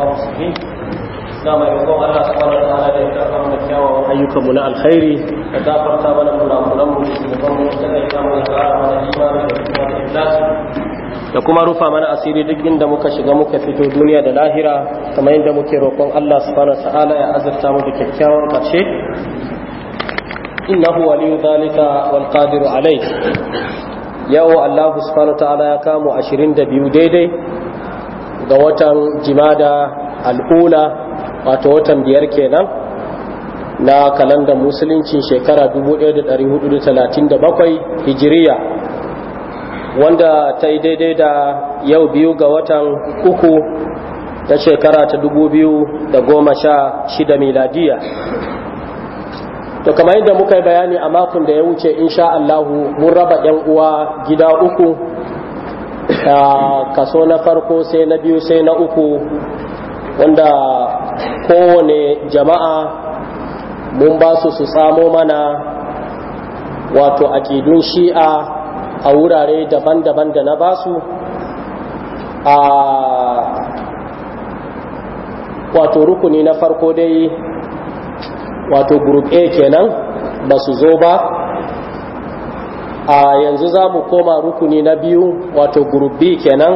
أصحاب الصحيح Nama yankon Allah subhanahu wa ta'ala da ya karfa mana kyawawan ayyukanmu na alkhairi da gafarta mana kurakuranmu da kuma sannan ya mu mana da kuma da kuma rufa mana asiri duk inda muka shiga muka fito duniya da lahira kamar inda muke roƙon Allah subhanahu wa ta'ala ya azurta mu da kyakkyawan ƙarshe innahu waliyu zalika wal qadiru alayh yau Allah subhanahu wa ta'ala ya kamo 22 daidai ga watan jimada al'ula wato watan biyar kenan na kalandar musuluncin shekara 1437 hijiriya wanda ta yi daidai da yau biyu ga watan uku ta shekara ta 2016 miladiya to kamar yadda muka yi bayani a makon da ya wuce insha Allahu mun raba 'yan uwa gida uku kaso na farko sai na biyu sai na uku wanda kowane jama'a mun ba su su samo mana wato kidun shi'a a wurare daban-daban da na basu a wato rukuni na farko dai wato group a kenan ba su zo ba a yanzu za mu koma rukuni na biyu wato gurubi kenan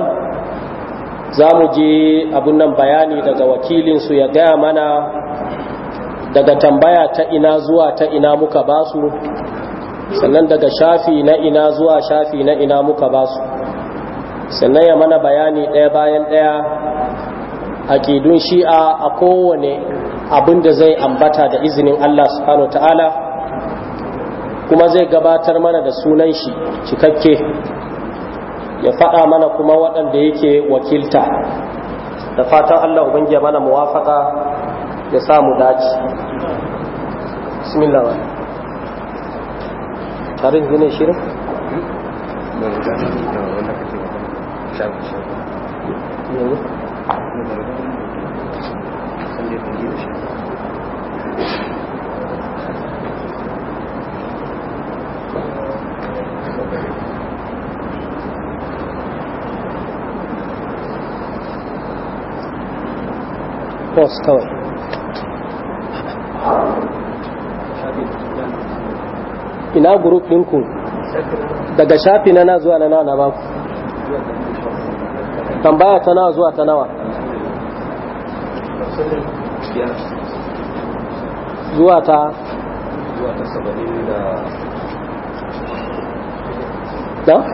za mu ji abun nan bayani daga wakilinsu ya gaya mana daga tambaya ta ina zuwa ta ina muka basu sannan daga shafi na ina zuwa shafi na ina muka basu sannan ya mana bayani ɗaya bayan ɗaya a aƙidun shi'a a kowane abin da zai ambata da izinin Allah subhanahu ta'ala kuma zai gabatar mana da sunan shi cikakke ya faɗa mana kuma waɗanda yake wakilta da fatan Allah ubangiya mana muwafaka ya samu dace bismillah tarin gine shirin ne post kawai ina group ɗinku daga shafi na na zuwa na nawa na baku tambaya ta nawa zuwa ta nawa zuwa ta na?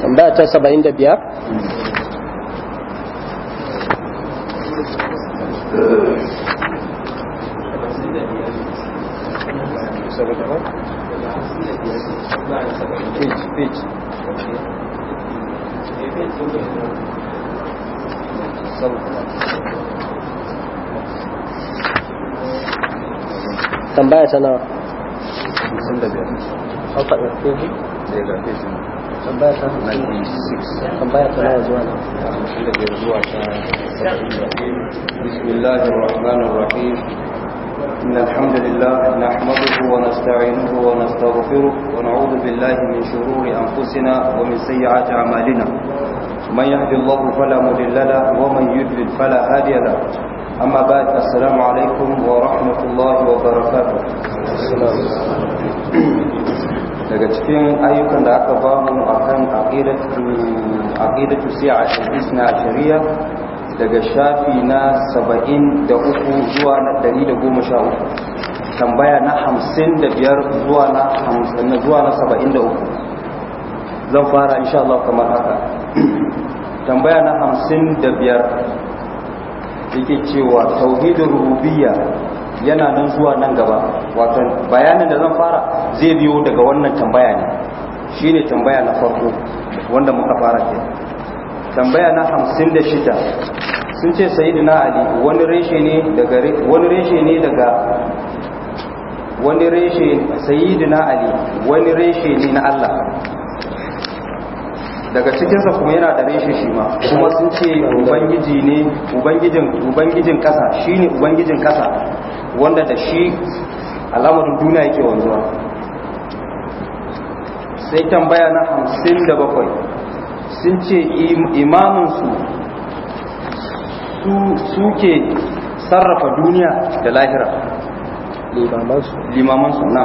tambaya ta 75 tambaya ta nawa tambaya ta zuwa nawa 55 zuwa bismillahir rahmanir rahim إن الحمد لله نحمده ونستعينه ونستغفره ونعوذ بالله من شرور أنفسنا ومن سيئات أعمالنا من يهد الله فلا مضل له ومن يضلل فلا هادي له أما بعد السلام عليكم ورحمة الله وبركاته daga cikin ayyukan da aka bamu akan عقيدة عقيدة الساعة عشرية daga shafi na saba'in da uku zuwa na dari da goma sha uku tambaya na hamsin da biyar zuwa na saba'in da uku zan fara kamar haka tambaya na yake cewa tauhidin yana nan zuwa nan gaba wato bayanin da zan fara zai biyo daga wannan tambaya ne shine tambaya na farko wanda muka fara ke tambaya na hamsin da shida sun ce na ali wani reshe ne daga wani reshe ne daga wani reshe na ali wani reshe ne na Allah daga cikinsa kuma yana da reshe shi ma kuma sun ce ubangiji ne ubangijin ubangijin kasa shine ubangijin kasa wanda da shi alamar duniya yake wanzuwa sai tambaya na hamsin da bakwai sun ce imaninsu suke sarrafa duniya da lahira limamansu na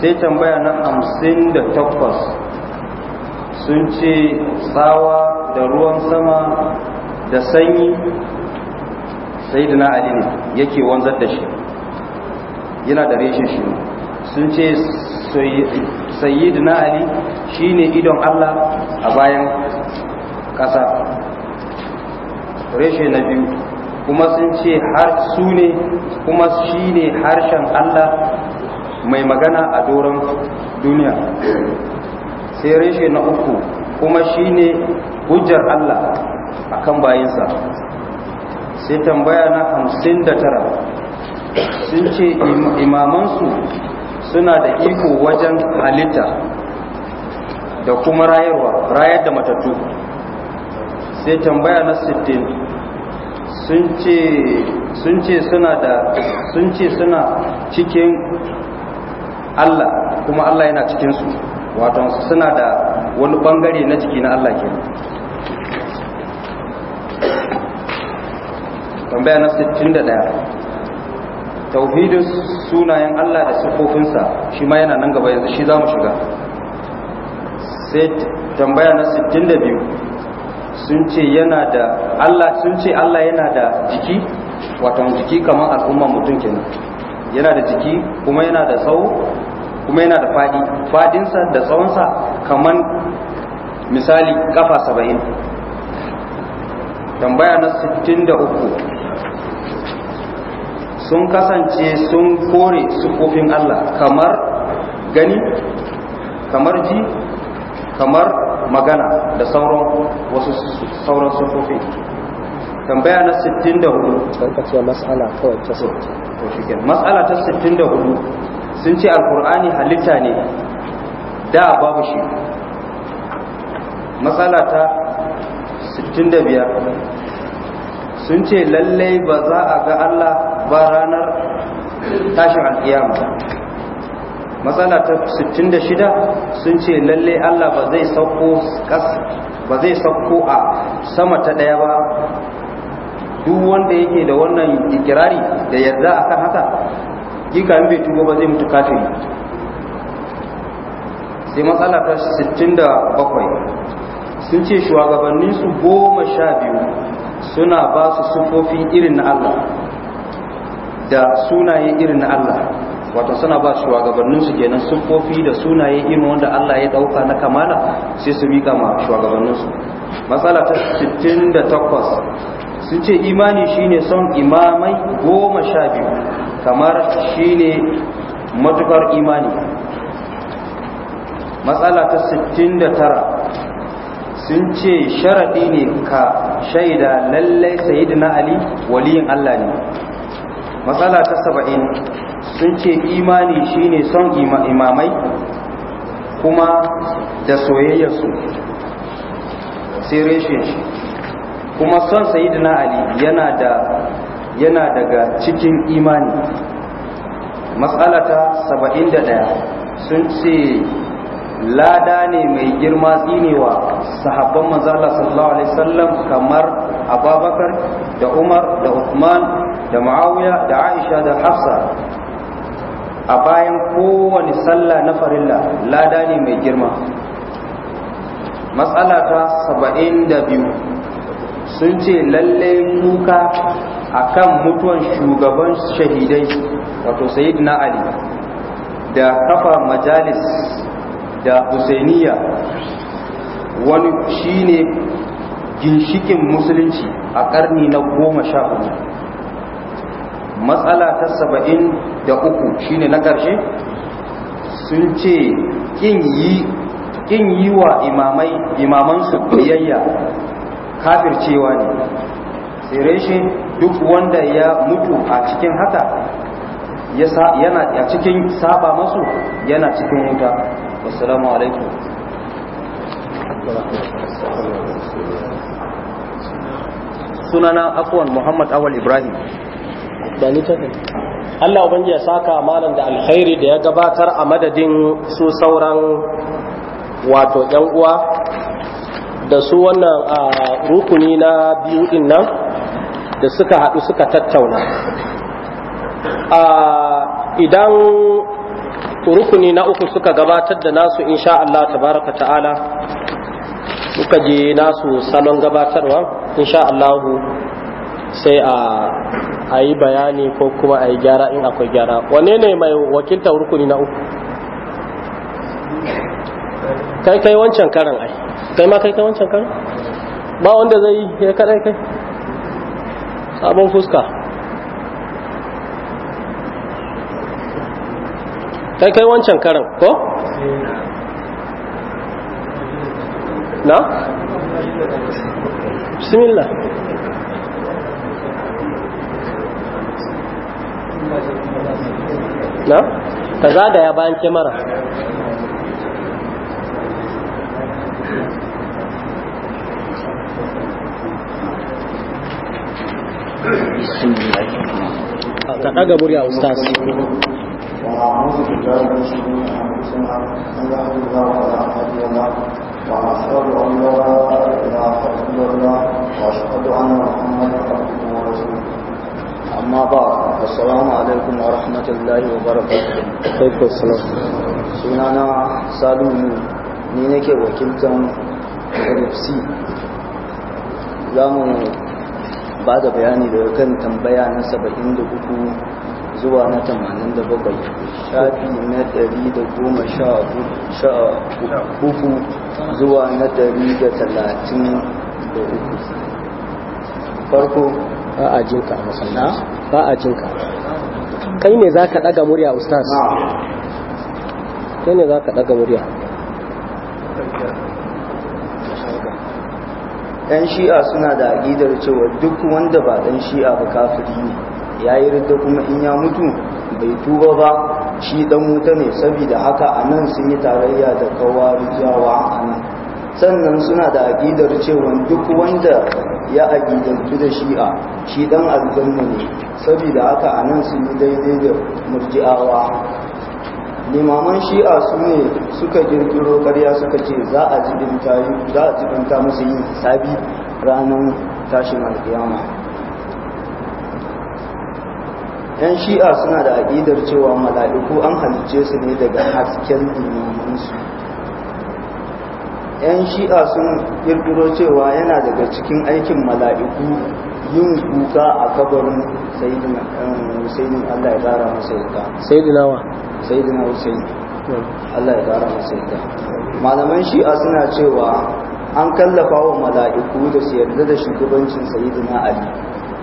sai tambaya na hamsin da takwas sun ce tsawa da ruwan sama da sanyi sai da na ne yake wanzar da shi yana da reshen shi sun ce Sayyid na ali shi ne idon Allah a bayan ƙasa reshe na biyu kuma sun ce har su ne kuma ne harshen Allah mai magana a doron duniya sai reshe na uku kuma shi ne hujjar Allah a kan bayansa sai tambaya na hamsin da tara sun ce imamansu suna da iko wajen halitta da kuma rayarwa rayar da matattu sai tambaya na 60 sun ce suna da sun ce suna cikin Allah kuma Allah yana cikinsu wato suna da wani bangare na jiki na Allah ke tambaya na 61 tauhidin sunayen Allah da sifofinsa shi ma yana nan gaba yanzu shi za mu shiga sai tambaya na 62 sun ce yana da Allah sun ce Allah yana da jiki wato jiki kamar al'umma mutum kenan yana da jiki kuma yana da tsawo kuma yana da fadi fadinsa da tsawonsa kamar misali kafa 70 tambaya na 63 sun kasance sun kore sufofin Allah kamar gani kamar ji kamar magana da sauran wasu sauran sukofin tambaya na 64 karkace mas'ala kawai ta so to shike mas'ala ta 64 sun ce alqur'ani halitta ne da babu shi matsala ta 65 sun ce lallai ba za a ga Allah ba ranar tashin alkiyama matsala ta 66 sun ce lalle Allah ba zai sauko ba zai sauko a sama ta daya ba duk wanda yake da wannan ikirari da yarda akan haka kika in bai tuba ba zai mutu kafiri sai matsala ta 67 sun ce shugabanninsu goma sha biyu suna ba su sufofi irin na Allah da sunaye irin na Allah wato suna ba shugabanninsu kenan sun kofi da sunaye irin wanda Allah ya dauka na kamala sai su mika ma shugabanninsu matsala ta 68 sun ce imani shine son imamai goma sha biyu kamar shine matukar imani matsala ta 69 sun ce sharaɗi ne ka shaida lallai sayidina ali waliyin Allah ne matsala ta saba'in sun ce imani shine son imamai kuma da soyayyarsu sai reshe shi kuma son sayidina ali yana da yana daga cikin imani matsala ta saba'in da ɗaya sun ce lada ne mai girma tsinewa sahabban manzala sallallahu alaihi Sallam kamar ababakar da umar da uthman da ma'awiya da aisha da hafsa a bayan kowane sallah na farilla lada ne mai girma matsala ta saba'in da biyu sun ce lalle kuka kan mutuwan shugaban shahidai wato na ali da kafa majalis da husainiya wani shine ginshikin musulunci a karni na goma sha hudu matsala ta saba'in da uku shine na ƙarshe sun ce ƙin yi wa imamansu biyayya kafircewa ne tsere duk wanda ya mutu a cikin haka yana a cikin saba masu yana cikin wuta wassalamu alaikum sunana akwai muhammad awal ibrahim da ni ta Allah ubangi ya saka malam da alkhairi da ya gabatar a madadin su sauran wato yan uwa da su wannan rukuni na biyu din nan da suka haɗu suka tattauna idan rukuni na uku suka gabatar da nasu insha Allah tabaraka ta'ala suka je nasu salon gabatarwa insha Allah sai a a yi bayani ko kuma a yi gyara in akwai gyara wane ne mai wakilta rukuni na uku kai kai wancan karan ai kai ma kai kai wancan karan ba wanda zai yi ya kadai kai sabon fuska kai kai wancan karan ko na bismillah na ka za bayan kyamara ka ɗaga murya ustaz وأشهد أن لا إله إلا الله amma ba assalamu alaikum wa rahmatullahi wa barakatuh alaikum assalam sunana salumu ni nake wakiltar RFC zamu ba da bayani daga kan tambaya na 73 zuwa na 87 shafi na 113 zuwa na 133 farko ba a jinka a masallaci ba a jinka kai ne za ka ɗaga murya ustaz kai ne za ka ɗaga murya ɗan shi'a suna da agidar cewa duk wanda ba ɗan shi'a ba kafiri ne ya yi rida kuma in ya mutu bai tuba ba shi ɗan wuta ne saboda haka a nan sun yi tarayya da kawa rujawa a nan sannan suna da agidar cewa duk wanda ya aƙidantu da shi'a shi dan aljanna ne saboda aka a nan su yi daidai da murji'awa limaman shi'a su ne suka girgiro karya suka ce za a jibinta musu yin hisabi ranar tashin alkiyama yan shi'a suna da aƙidar cewa mala'iku an halicce su ne daga hasken limamansu 'yan shi'a sun kirkiro cewa yana daga cikin aikin mala'iku yin kuka a kabarin sayidin allah ya tsara masa yadda sayidina wa um, sayidina husaini allah ya tsara hmm. masa yadda malaman shi'a suna cewa an kallafa wa mala'iku da su yarda da shugabancin sayidina ali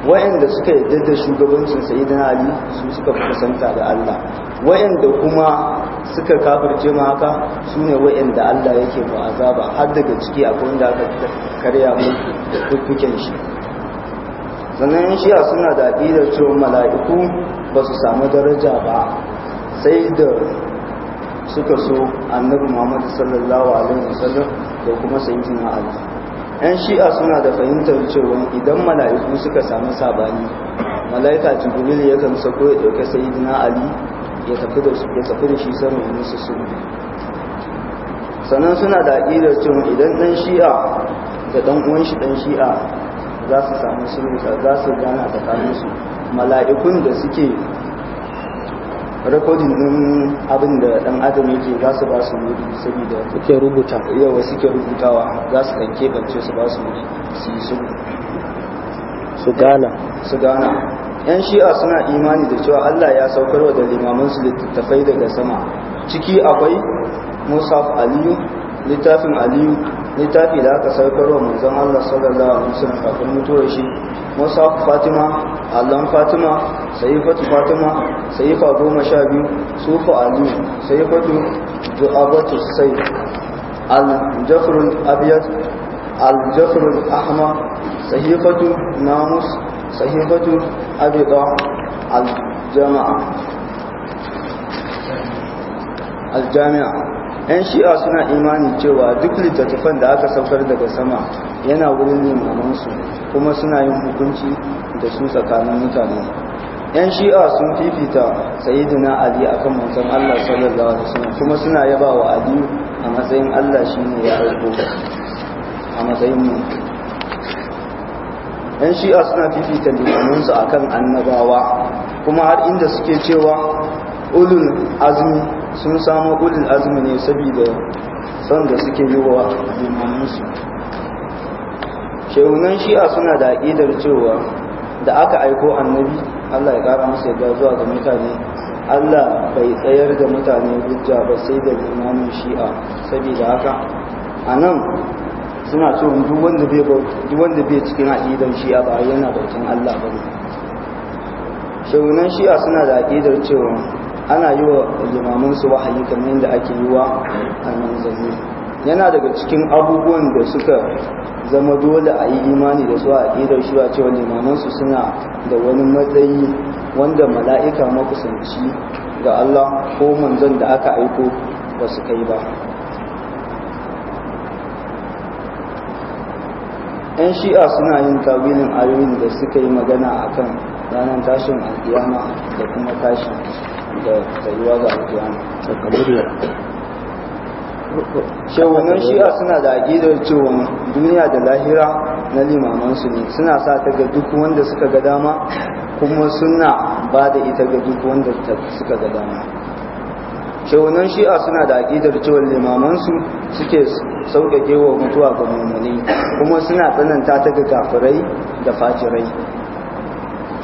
wa'anda suka yarda da shugabancin sayyidina ali su suka fi kusanta da Allah wa'anda kuma suka kafirce ma haka su ne wa'anda Allah yake ba azaba har daga ciki akwai wanda aka karya mu dukkan shi sannan Shia suna da aqidar cewa mala'iku ba su samu daraja ba sai da suka so annabi Muhammad sallallahu alaihi wasallam da kuma sayyidina Ali 'yan shi'a suna da fahimtar cewa idan mala'iku suka samu sabani mala'ika jibril ya kan sako ya dauke sayidina ali ya tafi da shi sama ya su su sannan suna da aƙidar cewa idan ɗan shi'a da ɗan uwan shi ɗan shi'a za su samu sulhu za su gana tsakaninsu mala'ikun da suke rikodin din abin da dan adam yake za su ba su wuri saboda suke rubuta yawa suke rubutawa za su kan kebance su ba su wuri su yi sun su gana su gana yan shi'a suna imani da cewa Allah ya saukar wa da Limamin su littattafai daga sama ciki akwai musaf aliyu littafin aliyu littafi da aka saukar wa manzon Allah sallallahu alaihi wasallam kafin mutuwar shi musaf fatima allon fatima sayifatu fatima sayifa goma sha biyu sufa ali sayifatu du'abatu sai al-jafrul abiyat al-jafrul ahma sahifatu namus sahifatu abida al-jama'a al-jami'a yan shi'a suna imanin cewa duk littattafan da aka saukar daga sama yana wurin limamansu kuma suna yin hukunci da su tsakanin mutane yan shi'a sun fifita sayidina ali akan manzon Allah sallallahu alaihi wasallam kuma suna yaba wa ali a matsayin Allah shine ya aiko a matsayin mu yan shi'a suna fifita limamansu akan annabawa kuma har inda suke cewa ulul azmi sun samu ulul azmi ne saboda son da suke yi wa limamansu shehunan shi'a suna da aƙidar cewa da aka aiko annabi allah ya ƙara musu yadda zuwa ga mutane allah bai tsayar da mutane hujja ba sai da limamin shi'a saboda haka a nan suna cewa duk wanda bai cikin aƙidar shi'a ba yana bautan allah ba ne shehunan shi'a suna da aƙidar cewa ana yi wa limamansu wahayi kamar yadda ake yi wa a zanni yana daga cikin abubuwan da suka zama dole a yi imani da su a ƙidar shi cewa limamansu suna da wani matsayi wanda mala'ika makusanci ga Allah ko manzon da aka aiko ba su kai ba ‘yan shi'a suna yin tawilin ayoyin da suka yi magana a kan ranar tashin alkiyama da kuma tashin da tsayuwa ga alkiyama shehunan shi'a suna da aƙidar cewa duniya da lahira na limamansu ne suna sa ta ga duk wanda suka ga dama kuma suna ba da ita ga duk wanda suka ga dama shehunan shi'a suna da aƙidar cewa limamansu suke sauƙaƙe wa mutuwa ga mummuni kuma suna tsananta ta ga kafirai da fajirai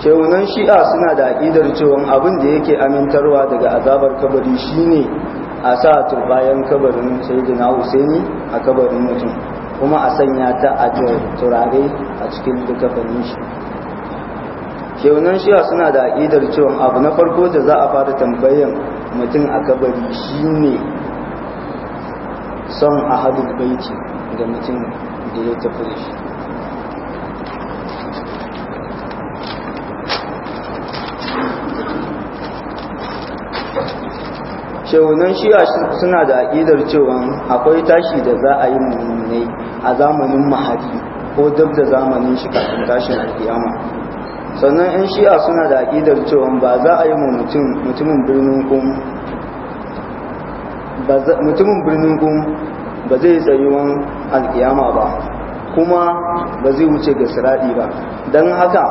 shehunan shi'a suna da aƙidar cewa abin da yake amintarwa daga azabar kabari shine a sa turbayan kabarin sayyidina husaini a kabarin mutum kuma a sanya ta a turare a cikin duka fannin shi sheunan shiya suna da idar cewa abu na farko da za a fara tambayan mutum a kabari shi ne son a hadin baiti da mutum da ya tafi shi shehunan shi'a suna da aƙidar cewa akwai tashi da za a yi mummunai a zamanin mahadi ko duk da zamanin shi kafin tashin alkiyama sannan 'yan shi'a suna da aƙidar cewa ba za a yi mutumin birnin kun birnin ba zai tsayuwan alkiyama ba kuma ba zai wuce ga siraɗi ba don haka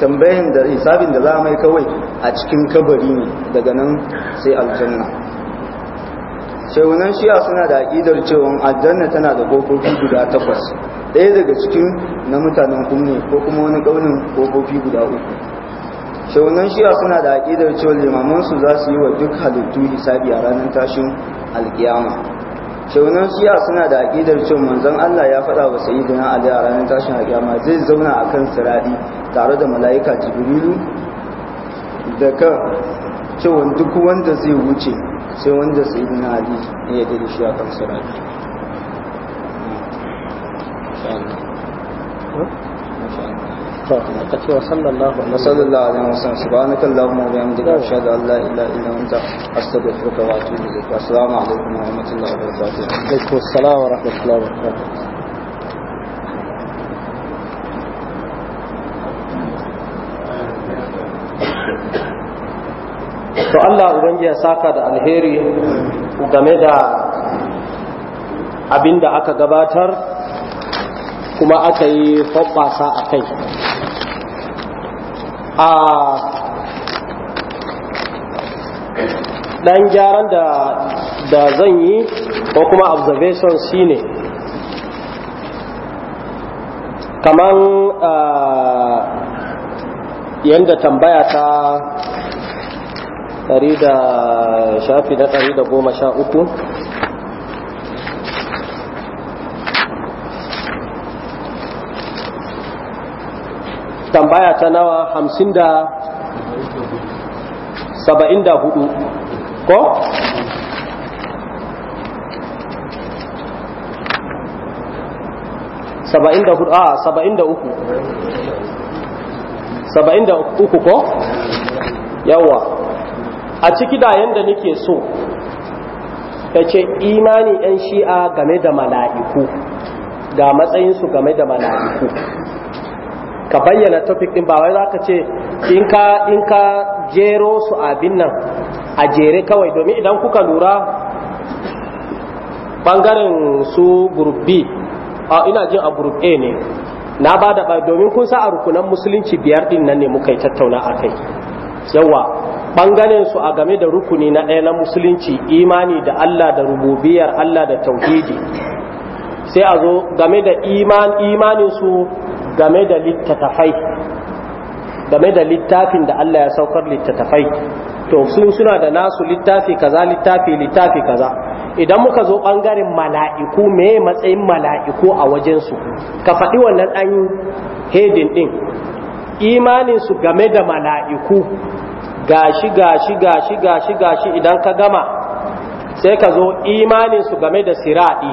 tambayin da hisabin da za mai kawai a cikin kabari ne daga nan sai aljanna Shaunan shiya suna da aƙidar cewa aljanna tana da kofofi guda takwas ɗaya daga cikin na mutanen kumne ko kuma wani ƙaunin kofofi guda uku Shaunan shiya suna da aƙidar cewa limamansu za su yi wa duk halittu hisabi a ranar tashin alkiyama shaunan shiya suna da aƙidar cewa manzon Allah ya faɗa wa sayyidina Ali a ranar tashin ma zai zauna a kan sirari tare da mala'ika jibrilu da kan cewa duk wanda zai wuce sai wanda sayyidina Ali ya dade shi a kan siradi وصلى الله عليه وصلى الله عليه وسلم سبحانك اللهم وبحمدك اشهد ان لا اله الا انت استغفرك واتوب اليك والسلام عليكم ورحمه الله وبركاته وعليكم السلام ورحمه الله وبركاته to Allah ubangiji ya saka da alheri game da abin da aka gabatar kuma aka yi hoɓɓasa a kai a ɗan gyaran da zan yi ko kuma observation shine kaman yadda tambaya ta ɗari da shafi na ɗari da goma sha uku tambaya ta nawa hamsin da saba'in da hudu ko? saba'in da hudu a saba'in da uku saba'in da uku ko? yawwa a ciki da yadda nake so ta ce imani 'yan shi'a game da mala'iku da matsayinsu game da mala'iku ka bayyana topic din ba wai za ka ce in ka in ka jero su abin nan a jere kawai domin idan kuka lura bangaren su group B a ina jin a group A ne na ba da domin kun sa a rukunan musulunci biyar din nan ne muka yi tattauna a kai yawa bangaren su a game da rukuni na ɗaya na musulunci imani da Allah da rububiyar Allah da tauhidi sai a zo game da iman imanin su game da littattafai game da littafin da Allah ya saukar littattafai to sun suna da nasu littafi kaza littafi littafi kaza idan muka zo bangaren mala'iku me matsayin mala'iku a wajensu ka faɗi wannan ɗan hedin ɗin imaninsu game da mala'iku gashi gashi gashi gashi gashi idan ka gama sai ka zo imaninsu game da siraɗi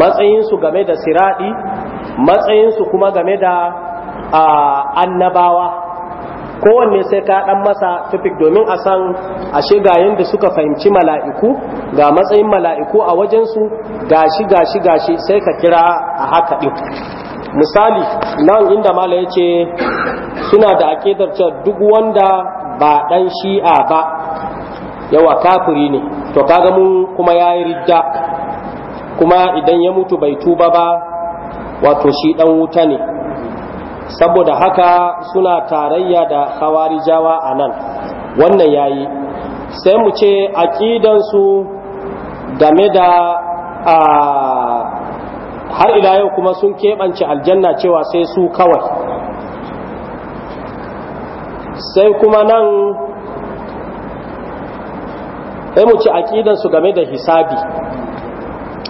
matsayinsu game da siraɗi matsayinsu kuma game da annabawa kowanne sai ka dan masa tufik domin a san ashe ga yadda suka fahimci mala'iku ga matsayin mala'iku a wajensu gashi gashi gashi sai ka kira a haka ɗin misali nan inda mala ya ce suna da aƙidar cewa duk wanda ba ɗan shi'a ba yawa kafiri ne to kaga mu kuma ya yi ridda kuma idan ya mutu bai tuba ba wato shi dan wuta ne saboda haka suna tarayya da hawarijawa a nan wannan yayi sai mu ce aƙidansu game da har ila yau kuma sun keɓance aljanna cewa sai su kawai sai kuma nan sai mu ce aƙidansu game da hisabi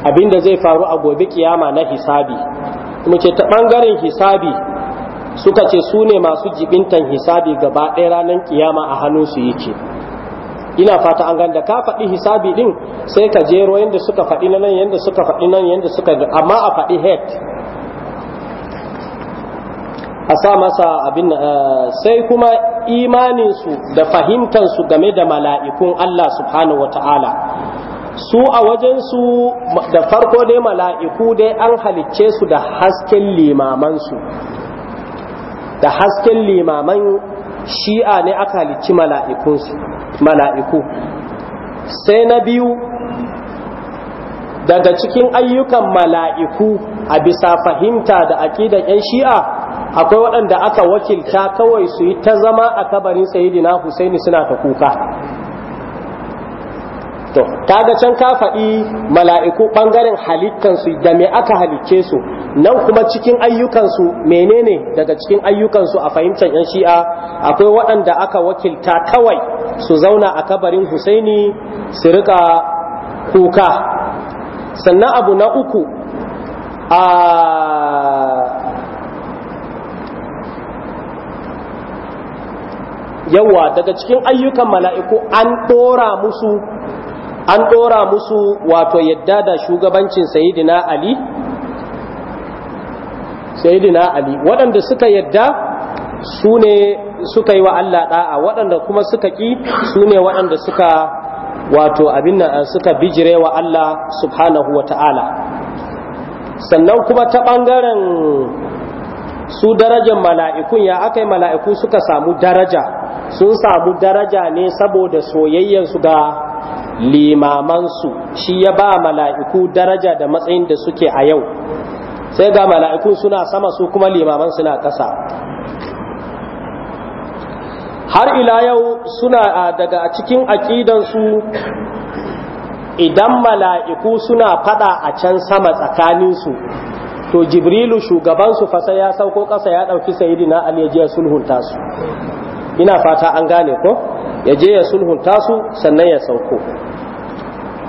abinda zai faru a gobe kiyama na hisabi muke ta ɓangaren hisabi suka ce su ne masu jibintan hisabi gaba ɗaya ranar kiyama a hannunsu yake ina fata an ganda ka faɗi hisabi ɗin sai ka jero yadda suka faɗi nan yadda suka faɗi nan yadda suka amma a faɗi head a sa masa abin eh, sai kuma imaninsu da fahimtansu game da mala'ikun Allah subhanahu wa ta'ala su a wajen su da farko dai mala'iku dai an halicce su da hasken limamansu da hasken limaman shi'a ne aka halicci mala'iku sai na biyu daga cikin ayyukan mala'iku a bisa fahimta da aƙidan 'yan shi'a akwai waɗanda aka wakilta kawai su yi ta zama a kabarin sayidina Husaini suna ta kuka to kaga can ka faɗi mala'iku ɓangaren halittansu da me aka halicce su nan kuma cikin ayyukansu menene daga cikin ayyukansu a fahimtar yan shi'a akwai waɗanda aka wakilta kawai su zauna a kabarin husaini su rika kuka sannan abu na uku a yawa daga cikin ayyukan mala'iku an ɗora musu an ɗora musu wato yadda da shugabancin sayidina ali sayidina ali waɗanda suka yadda su ne suka yi wa Allah ɗa'a waɗanda kuma suka ƙi su ne waɗanda suka wato abin nan suka bijire wa Allah subhanahu wa ta'ala sannan kuma ta ɓangaren su darajar mala'ikun ya aka yi mala'iku suka samu daraja sun samu daraja ne saboda su ga limamansu shi ya ba mala'iku daraja da matsayin da suke a yau sai ga mala'ikun suna sama su kuma limaman suna ƙasa har ila yau suna daga cikin aƙidansu idan mala'iku suna fada a can sama tsakaninsu to jibrilu shugabansu fasa ya sauko ƙasa ya ɗauki sayidina ali ya sulhunta su ina fata an gane ko? ya je ya sulhunta su sannan ya sauko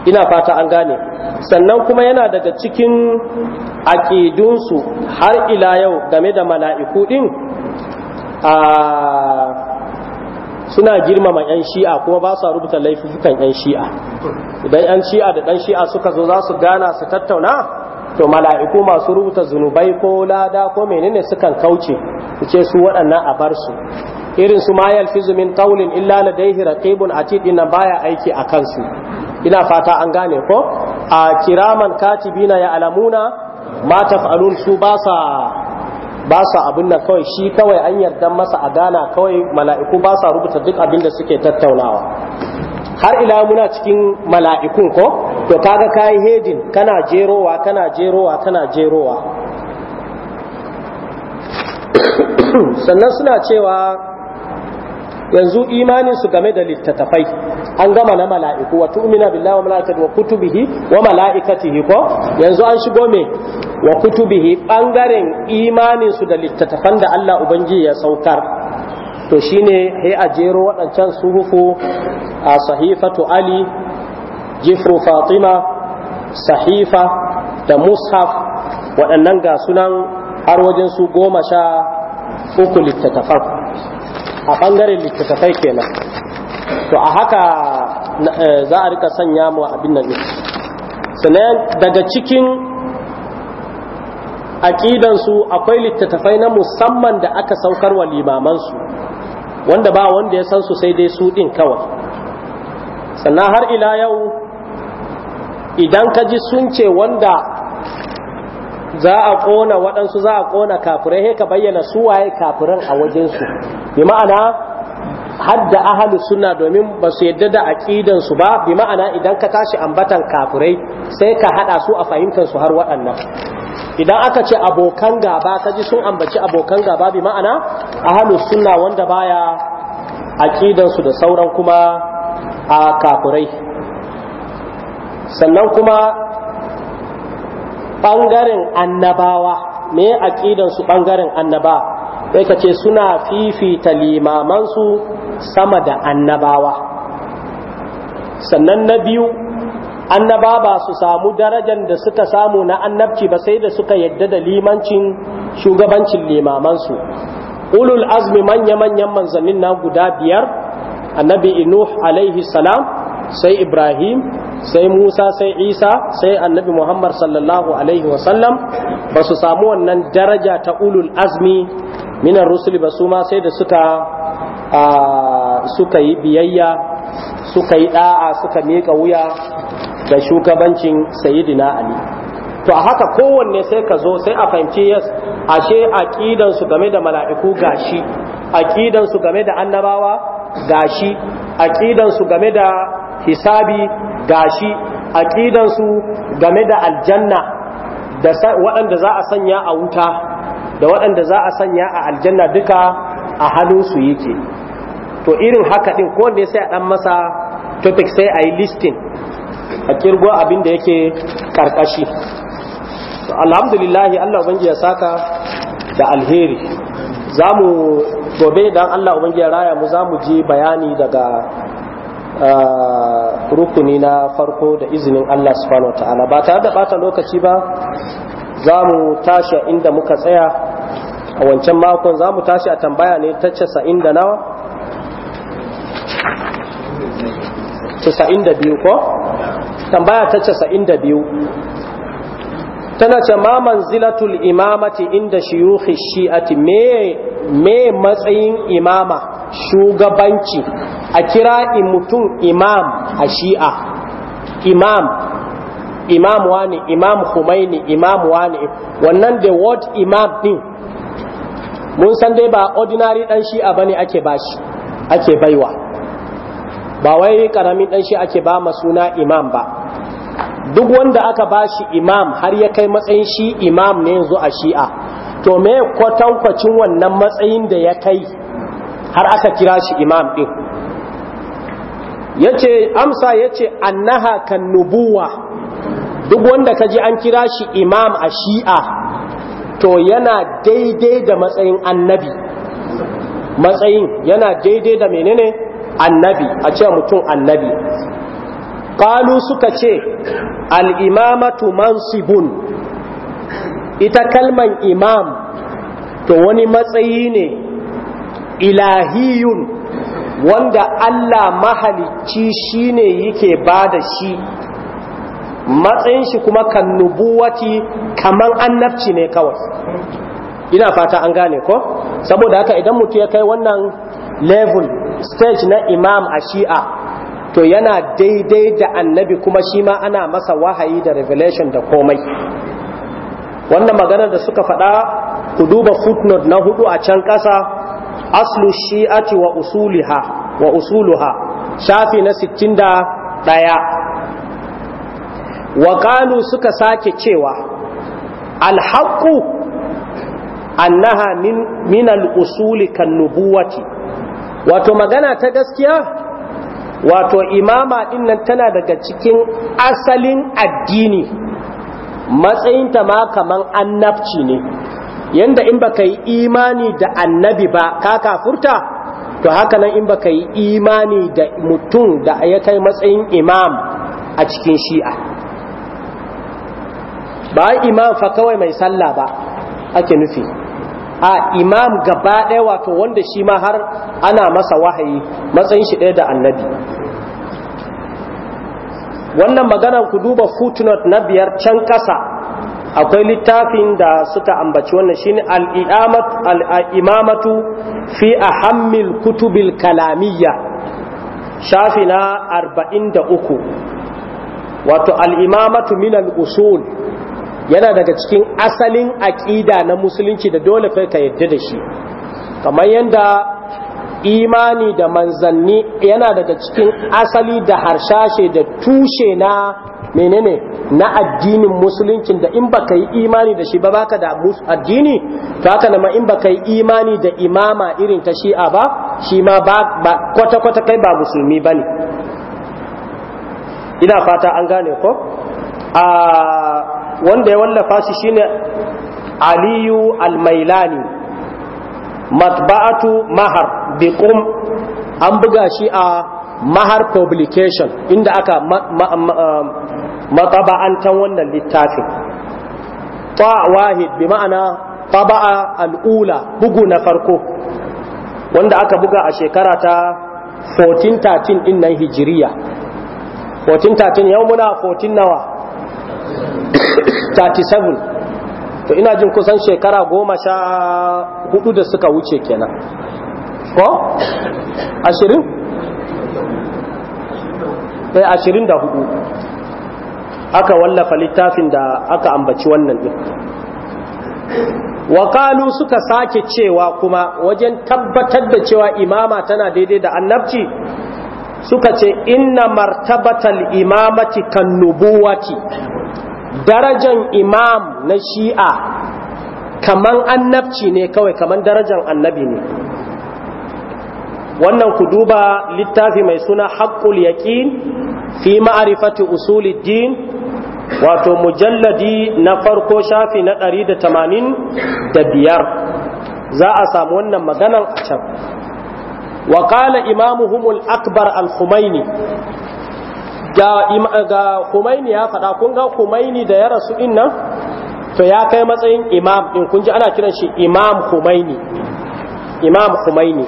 ina fata an gane sannan kuma yana daga cikin aƙidunsu har ila yau game da mala'iku ɗin suna girmama 'yan shi'a kuma ba su rubuta laifukan 'yan shi'a idan 'yan shi'a da ɗan shi'a suka zo za su gana su tattauna to mala'iku masu rubuta zunubai ko lada ko menene sukan kauce su ce su waɗannan a bar su irin su mayal fizu min taulin illa ladayhi raqibun atid inna baya aiki a kansu ina fata an gane ko a kiraman katibi na ya alamuna ma taf'alun su ba sa ba sa abin nan kawai shi kawai an yarda masa a gana kawai mala'iku ba sa rubuta duk abin da suke tattaunawa har ila muna cikin mala'ikun ko to kaga kai hedin kana jerowa kana jerowa kana jerowa sannan suna cewa yanzu imaninsu game da littattafai an gama na mala'iku wa tu'mina billahi wa mala'ikatihi wa kutubihi wa mala'ikatihi ko yanzu an shigo me wa kutubihi bangaren imaninsu da littattafan da Allah ubangiji ya saukar to shine sai a jero waɗancan suhufu a sahifatu ali jifru fatima sahifa da mushaf waɗannan ga sunan har wajen su goma sha uku littattafan a ɓangaren littattafai kenan to a haka eh, za a rika sanya mu abin nan sannan daga cikin aƙidansu akwai littattafai na musamman da aka saukar wa limamansu wanda ba wanda ya san su sai dai su ɗin kawai sannan har ila yau idan ka ji sun ce wanda za a ƙona waɗansu za a ƙona kafirai ka bayyana su waye kafiran a wajensu bi ma'ana hadda ahalu sunna domin ba su yadda da aqidan su ba bi ma'ana idan ka tashi ambatan kafirai sai ka hada su a fahimtar su har waɗannan idan aka ce abokan gaba ka ji sun ambaci abokan gaba bi ma'ana ahalu sunna wanda baya aqidan su da sauran kuma a kafirai sannan kuma bangaren annabawa me aqidan su bangaren annaba sai ka ce suna fifita limamansu sama da annabawa sannan na biyu annaba ba su samu darajar da suka samu na annabci ba sai da suka yadda da limancin shugabancin limamansu ulul azmi manya-manyan manzannin na guda biyar annabi inuh alaihi salam sai ibrahim sai musa sai isa sai annabi muhammad sallallahu alaihi wasallam ba su samu wannan daraja ta ulul azmi minan rusuli ba su ma sai da suka suka yi biyayya suka yi da'a suka miƙa wuya ga shugabancin sayidina ali to a haka kowanne sai ka zo sai a fahimci yes ashe aqidansu game da mala'iku gashi aqidansu game da annabawa gashi aqidansu game da hisabi gashi aqidansu game da aljanna da waɗanda za a sanya a wuta da waɗanda za a sanya a aljanna duka a yi yake to irin haka ɗin ko ne sai a dan masa topic sai a yi listin a kirgo abin da yake karkashi to alhamdulillah Allah ubangi ya saka da alheri zamu gobe dan Allah ubangi ya raya mu za mu ji bayani daga ah, rukuni na farko da izinin Allah subhanahu wataala ba tare da bata lokaci ba za mu tashi inda muka tsaya a wancan makon za mu tashi a tambaya ne ta casa'in da nawa? casa'in da biyu ko? tambaya ta casa'in da biyu tana ce ma manzilatul imamati inda shiyuhi shi'ati me me matsayin imama shugabanci a kira mutum imam a shi'a imam imam wani imam humaini imam wani wannan da word imam din mun san dai ba ordinary dan shi'a bane ake bashi ake baiwa ba wai karamin dan shi ake ba ma suna imam ba duk wanda aka bashi imam har ya kai matsayin shi imam ne yanzu a shi'a to me kwatankwacin wannan matsayin da ya kai har aka kira shi imam din yace amsa yace annaha kan nubuwa duk wanda kaji an kira shi imam a shi'a to yana daidai da matsayin annabi matsayin yana daidai da menene annabi a ce mutum annabi qalu suka ce al-imamatu mansibun ita kalman imam to wani matsayi ne ilahiyun wanda Allah mahalicci ne yake bada shi matsayin shi kuma kan nubuwati kaman annabci ne kawai ina fata an gane ko saboda haka idan mutu ya kai wannan level stage na imam a shi'a to yana daidai da annabi kuma shi ma ana masa wahayi da revelation da komai wannan maganar da suka faɗa ku duba footnote na hudu a can ƙasa aslu shi'ati wa usuliha wa usuluha shafi na 61 wa suka sake cewa alhaƙu annaha min al'usuli kan nubuwati wato magana ta gaskiya wato imama dinnan tana daga cikin asalin addini matsayinta ma kaman annabci ne yanda in baka yi imani da annabi ba ka kafurta to haka nan in baka yi imani da mutum da ya kai matsayin imam a cikin shi'a ba imam fa kawai mai sallah ba ake nufi a imam gaba ɗaya wato wanda shi ma har ana masa wahayi matsayin shi ɗaya da annabi wannan maganar ku duba footnote na biyar can ƙasa akwai littafin da suka ambaci wannan shine al-imamatu fi ahammil kutubil kalamiyya shafi na 43 wato al-imamatu minal usul yana daga cikin asalin aƙida na musulunci da dole kai ka yadda da shi kamar yadda imani da manzanni yana daga cikin asali da harshashe da tushe na menene na addinin musulunci da in baka yi imani da shi ba baka da addini to haka nama in baka yi imani da imama irin ta shi'a ba shi ma ba kwata-kwata kai ba musulmi bane ina fata an gane ko a ah, wanda ya wallafa shi shine aliyu almailani matba'atu mahar biqum an buga shi a mahar publication inda aka um, mataba'antan wannan littafin ta wahid bi ma'ana taba'a al'ula bugu na farko wanda aka buga a shekara ta 1413 din nan hijiriya 1413 yau muna 14 nawa 37 to ina jin kusan shekara goma sha hudu da suka wuce kenan ko ashirin ɗaya eh, ashirin da hudu aka wallafa littafin da aka ambaci wannan ɗin wakalu suka sake cewa kuma wajen tabbatar da cewa imama tana daidai da annabci suka ce inna martabatal imamati kan nubuwati darajan imam na shi'a kaman annabci ne kawai kaman darajan annabi ne wannan ku duba littafi mai suna haƙƙul yaƙin fi ma'arifati usuluddin wato mujalladi na farko shafi na ɗari da tamanin da biyar za a samu wannan maganan a can wa ƙala imamuhumul akbar al-khumaini ga ga Khomeini ya faɗa kun ga Khomeini da ya rasu din nan to ya kai matsayin imam din kun ji ana kiran shi imam Khomeini imam Khomeini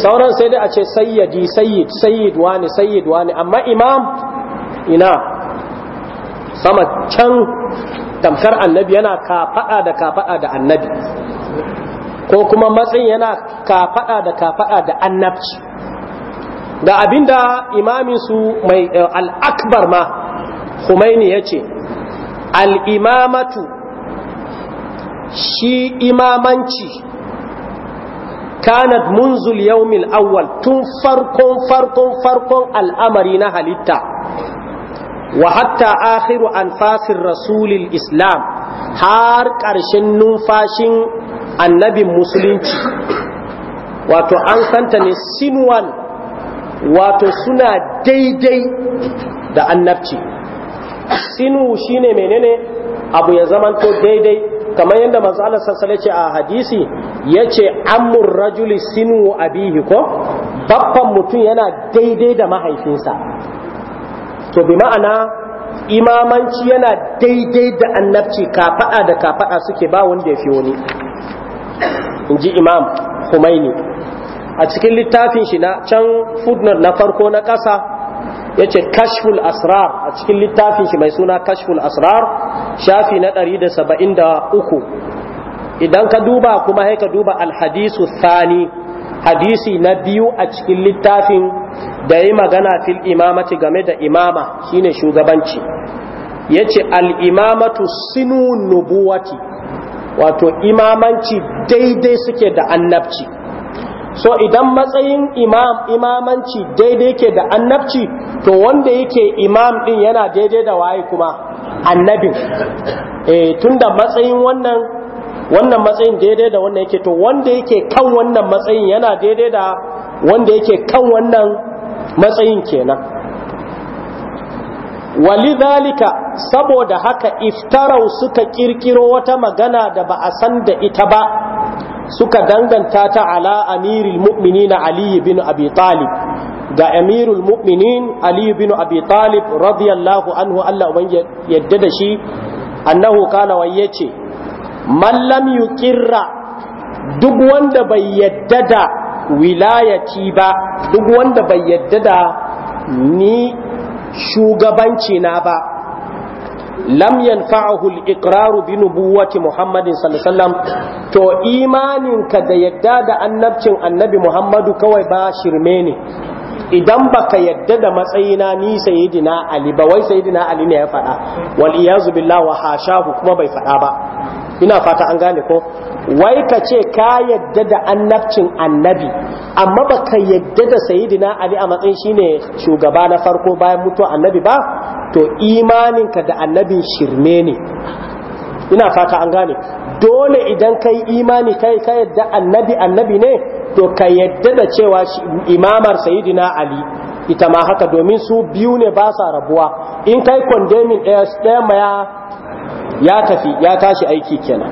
sauran sai dai a ce sayyadi sayyid sayyid wani sayyid wani amma imam ina sama can tamkar annabi yana kafaɗa da kafaɗa da annabi ko kuma matsayin yana kafaɗa da kafaɗa da annabci da abinda imaminsu mai eh, al'akbar ma Khomeini ya ce al'imamatu shi imamanci kanat munzul yaumil awwal tun farkon farkon farkon al'amari na halitta wa hatta akhiru anfasir rasulil islam har ƙarshen numfashin annabin musulunci wato an santa ne sinuwan wato suna daidai da annabci sinu shine menene abu ya zamanto daidai kamar yadda manzo Allah ya ce a hadisi yace amur rajuli sinu abihi ko babban mutum yana daidai da mahaifinsa to bi ma'ana imamanci yana daidai da annabci kafaɗa da kafaɗa suke ba wanda ya fi wani in ji imam Khomeini a cikin littafin shi na can footnote na farko na ƙasa ya ce kashful asrar a cikin littafin shi mai suna kashful asrar shafi na da da uku. idan ka duba kuma haika duba alhadisu thani hadisi na biyu a cikin littafin da yi magana fil imamati game da imama shine shugabanci ya ce al'imamatu sinu nubuwati wato imamanci daidai suke da annabci so idan matsayin imam imamanci daidai ke da annabci to wanda yake imam din yana daidai da waye kuma annabin eh tunda matsayin wannan wannan matsayin daidai da wanda yake to wanda yake kan wannan matsayin yana daidai da wanda yake kan wannan matsayin kenan walidhalika saboda haka iftarau suka kirkiro wata magana da ba a san da ita ba suka danganta ta ala amirul mu'minin ali bin abi talib ga amirul mu'minin ali bin abi talib radiyallahu anhu Allah uban yadda da shi annahu kana wai yace man lam yuqirra duk wanda bai yadda da wilayati ba duk wanda bai yadda da ni shugabanci na ba lam yanfa'ahu al-iqraru bi nubuwwati Muhammadin sallallahu alaihi wasallam to imaninka da yadda da annabcin annabi Muhammadu kawai ba shirme ne idan baka yadda da matsayina ni sayyidina Ali ba wai sayyidina Ali ne ya faɗa wal iyazu billahi wa hashahu kuma bai faɗa ba ina fata an gane ko wai ka ce ka yadda da annabcin annabi amma ba ka yadda da sayidina ali a matsayin shine shugaba na farko bayan mutuwa annabi ba to imaninka da annabin shirme ne ina fata an gane dole idan ka yi imani kai ka yadda annabi annabi ne to ka yadda da cewa imamar sayidina ali ita ma haka domin su biyu ne ba sa rabuwa in kai kondemin eh, ɗaya ma ya ya tafi ya tashi aiki kenan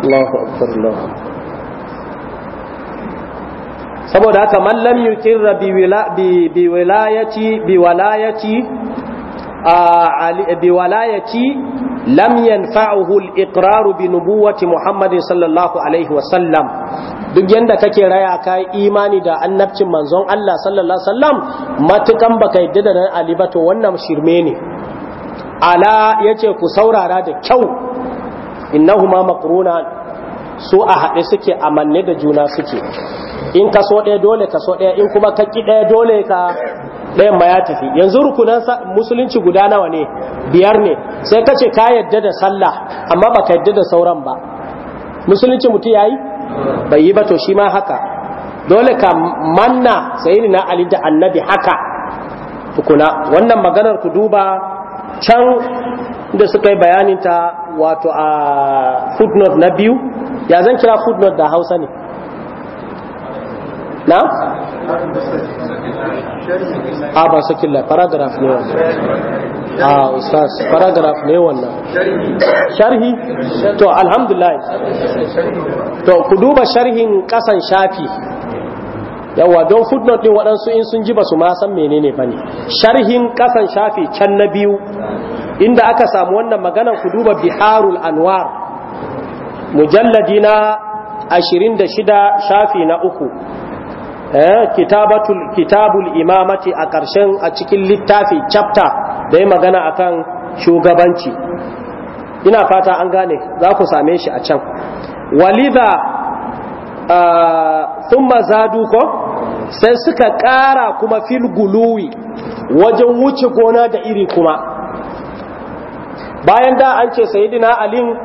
Allahu akbar Allahu saboda haka man lam yuqirra bi wilayati bi wilayati bi wilayati lam yanfa'uhu al bi nubuwwati Muhammadin sallallahu alaihi wa sallam duk yadda kake raya ka imani da annabcin manzon Allah sallallahu alaihi wasallam matukan baka yadda da Ali ba to wannan shirme ne ala yace ku saurara da kyau innahuma maqruna su a haɗe suke amanne da juna suke in ka so ɗaya dole ka so ɗaya in kuma ka ƙi ɗaya dole ka ɗayan ma ya tafi yanzu rukunan musulunci guda nawa ne biyar ne sai ka ce ka yadda da sallah amma ba ka yadda da sauran ba musulunci mutum ya yi bai yi ba to shi ma haka dole ka manna sai na ali da annabi haka tukuna wannan maganar ku duba can da suka yi ta wato a footnote na biyu ya zan kira footnote da hausa ne na a ba sakin la paragraph ne wannan a ustaz paragraph ne wannan sharhi to alhamdulillah to ku duba sharhin kasan shafi yawa don footnote ne waɗansu in sun ji ba su ma san menene ne, sharhin kasan shafi can na biyu inda aka samu wannan maganan ku duba biharul anwar mujalladi na 26 shafi na uku Eh, kitabatul kitabul imamati a ƙarshen a cikin littafi chapter da ya magana akan shugabanci ina fata an gane za ku same shi a can walidha sun eh, zadu ko sai suka ƙara kuma fil wajen wuce gona da iri kuma bayan da an ce sayidina alin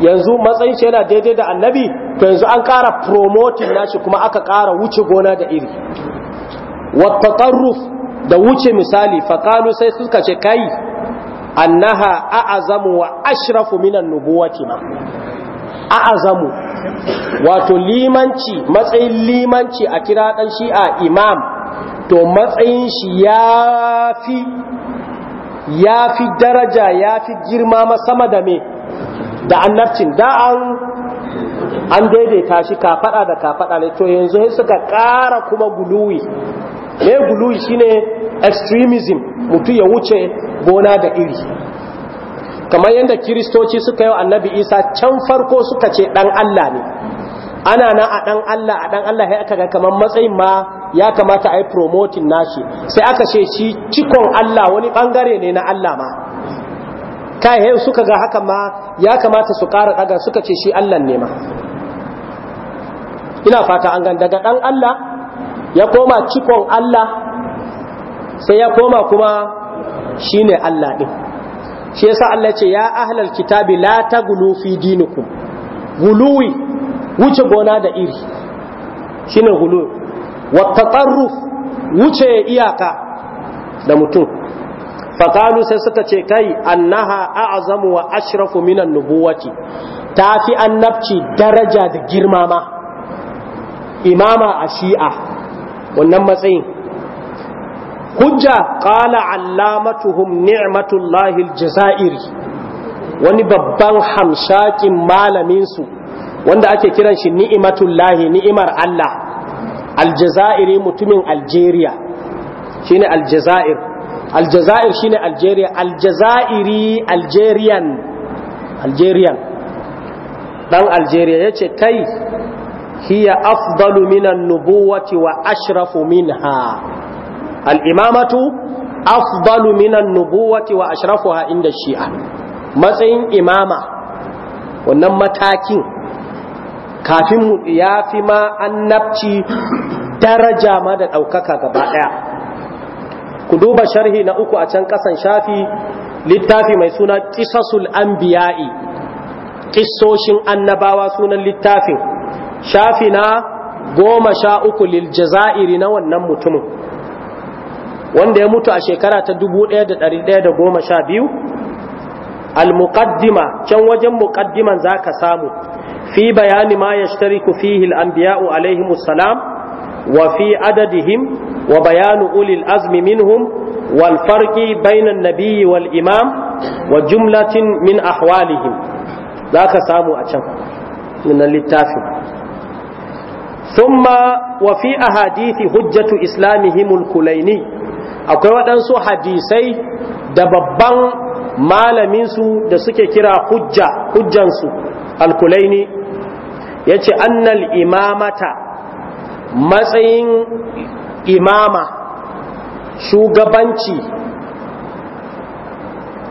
yanzu matsayin shi yana daidai da annabi to yanzu an ƙara promoting nashi kuma aka ƙara wuce gona da iri wattatarruf da wuce misali Fakanu sai suka ce kai annaha a'azamu wa ashrafu minan nubuwati ma a'azamu wato limanci matsayin limanci a kira dan shi'a imam to matsayin shi ya fi ya fi daraja ya fi girma ma sama da me da annabcin da an an daidaita shi kafaɗa da kafaɗa ne to yanzu sai suka kara kuma guluwi me guluwi shine extremism mutu ya wuce gona da iri kamar yadda kiristoci suka yi annabi isa can farko suka ce dan allah ne ana na a dan allah a dan allah ya aka ga kamar matsayin ma ya kamata a yi promoting nashi sai aka ce shi cikon Allah wani bangare ne na Allah ma kayan suka ga haka ma ya kamata su ƙara daga suka ce shi Allah ne ma ina fata an gan daga dan Allah ya koma cikon Allah sai ya koma kuma shi ne Allah ɗin shi yasa Allah ce ya ahlal kitabi la tagulu fi dinikum guluwi wuce gona da iri shine guluwi wa wuce iyaka da mutum fakalu sai suka ce kai annaha a'zamu wa ashrafu minan nubuwati tafi annabci daraja da girma ma imama a shi'a wannan matsayin hujja qala allamatuhum ni'matullahi aljazairi wani babban hamshakin malamin su wanda ake kiran shi ni'matullahi ni'imar Allah aljazairi mutumin algeria shi shine aljazair aljazair ne algeria aljazairi algerian algerian dan algeria ce kai hiya afdalu minan nubuwati wa ashrafu minha al-imamatu afdalu minan nubuwati wa ashrafu ha inda shi'a matsayin imama wannan matakin kafin ya fi ma annabci daraja ma da ɗaukaka gaba ɗaya ku duba sharhi na uku a can ƙasan shafi littafi mai suna ƙisasul Ambiya'i, ƙisoshin annabawa sunan littafin shafi na goma sha uku lil jaza'iri na wannan mutumin wanda ya mutu a shekara ta dubu ɗaya da dari daya da goma sha biyu al-muqaddima can wajen muqaddiman ka samu fi bayani ma yashtariku fihi al-anbiya'u alaihimus salam wa fi adadihim wa bayanu ulil azmi minhum والفرق بين النبي والإمام وجملة من أحوالهم ذاك سامو أتشم من اللتافي ثم وفي أحاديث حجة إسلامهم الكليني أقوى أنسو حديثي دببان malaminsu da suke kira hujja hujjansu alkulaini ya ce annal imamata matsayin imama shugabanci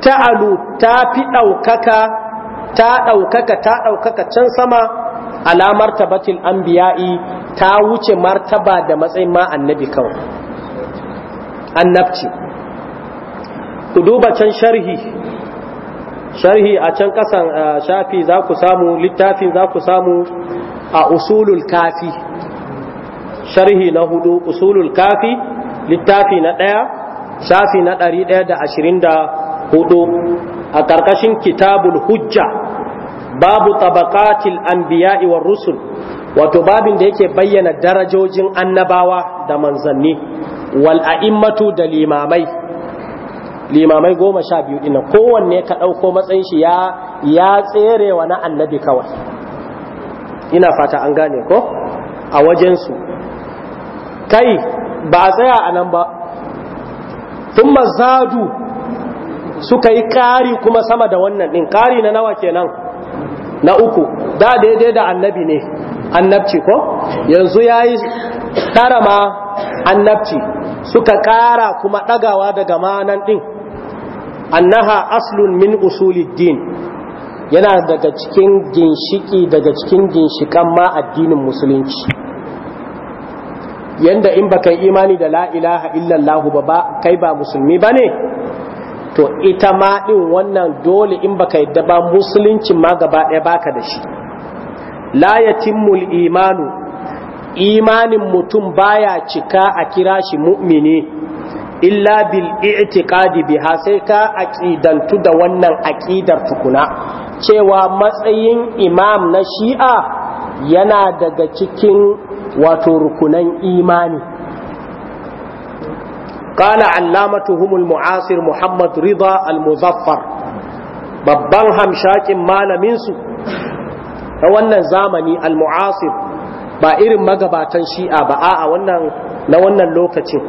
ta'alu ta fi ɗaukaka ta ɗaukaka ta ɗaukaka can sama ala martabatil anbiya'i ta wuce martaba da matsayin ma annabi kawai annabci ku duba can sharhi sharhi a can kasan shafi za ku samu littafin za ku samu a usulul kafi sharhi na hudu usulul kafi littafi na ɗaya shafi na ɗari ɗaya da ashirin da hudu a ƙarƙashin kitabul hujja babu tabaqatil an biya rusul wato babin da yake bayyana darajojin annabawa da manzanni wal a'immatu da limamai limamai goma sha biyu ɗin kowanne ka ɗauko matsayin shi ya tsere wa na annabi kawai ina fata an gane ko a wajensu kai ba a tsaya a nan ba tun zadu suka yi ƙari kuma sama da wannan ɗin ƙari na nawa kenan na uku da daidai da annabi ne annabci ko yanzu ya yi tara ma annabci suka ƙara kuma ɗagawa daga manan ɗin annaha aslun min usuliddin yana daga cikin ginshiki daga cikin ginshikan ma addinin musulunci yanda in baka imani da la ilaha illallah ba kai ba musulmi bane to ita ma din wannan dole in baka yadda ba musulunci ma gaba ɗaya baka da shi la yatimmul imanu imanin mutum baya cika a kira shi mu'mini illa bil i'tiqadi biha sai ka aqidantu da wannan aqidar tukuna cewa matsayin imam na shi'a yana daga cikin wato rukunan imani qala allamatuhum al-mu'asir muhammad rida al-muzaffar babban hamshakin malamin su ta wannan zamani al-mu'asir ba irin magabatan shi'a ba a'a wannan na wannan lokacin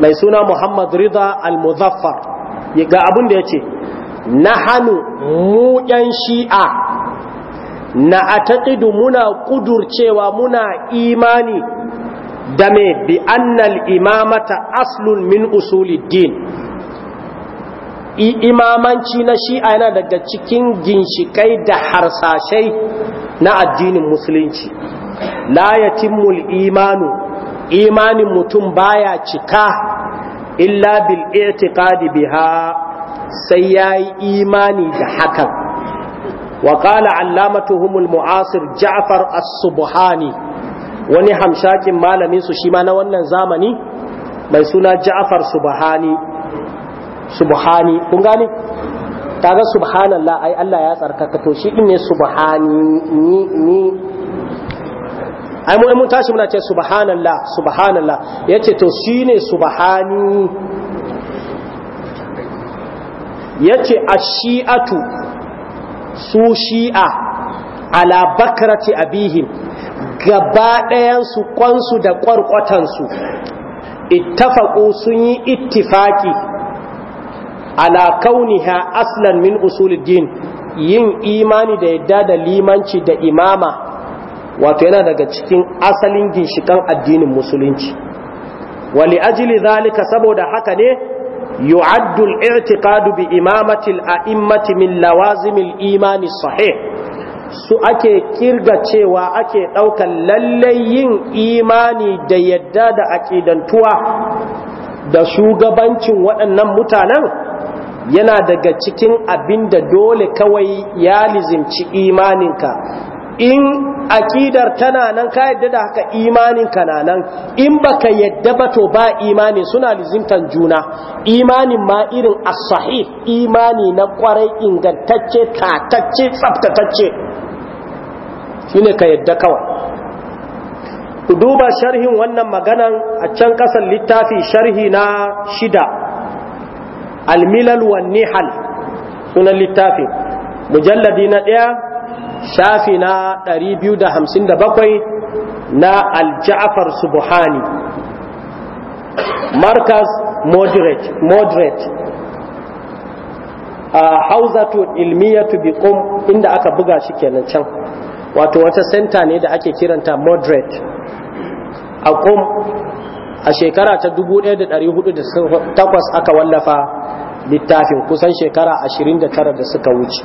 mai suna muhammad rida al-muzaffar ga abin da ya ce na hannu mu shi'a na taƙidu muna ƙudurcewa muna imani da mai bi annal imamata aslun min usuli din imamanci na shi'a yana daga cikin ginshikai da harsashai na addinin musulunci la yatimul imanu imanin mutum baya cika illa bil i'tiqadi biha sai yayi imani da hakan wa qala Tuhumul mu'asir ja'far as-subhani wani hamshakin malamin su shi ma na wannan zamani mai suna ja'far subhani subhani kun gane kaga subhanallah ai Allah ya tsarkaka to shi din ne subhani ni ni ai mu mun tashi muna ce subhanallah subhanallah yace to shine subhani yace ashi'atu su shi'a ala bakrati abihim gaba ɗayan su kwansu da su ittafaqu sun yi ittifaki ala kauniha aslan min usuluddin yin imani da yadda da limanci da imama wato yana daga cikin asalin ginshikan addinin musulunci wali ajili zalika saboda haka ne yu'addu al-i'tiqadu bi imamati al-a'immati min lawazim imani sahih su ake kirga cewa ake daukan lallai yin imani da yadda da aqidantuwa da shugabancin waɗannan mutanen yana daga cikin abinda dole kawai ya lizimci imaninka in akidar tana nan ka yadda da haka imanin ka na nan in baka yadda ba to ba imanin suna lizimtan juna imanin ma irin asahi imani na kwarai ingantacce tatacce tsaftatacce shine ka yadda kawai ku duba sharhin wannan maganan a can kasan littafi sharhi na shida almilal wa nihal sunan littafi. mujalladi na ɗaya shafi na 257 na alja'afar subhani markas moderate moderate a hauzatu ilmiyatu kom inda aka buga shi kenan can wato wata senta ne da ake kiranta moderate a kom a shekara ta 1408 aka wallafa littafin kusan shekara 29 da suka wuce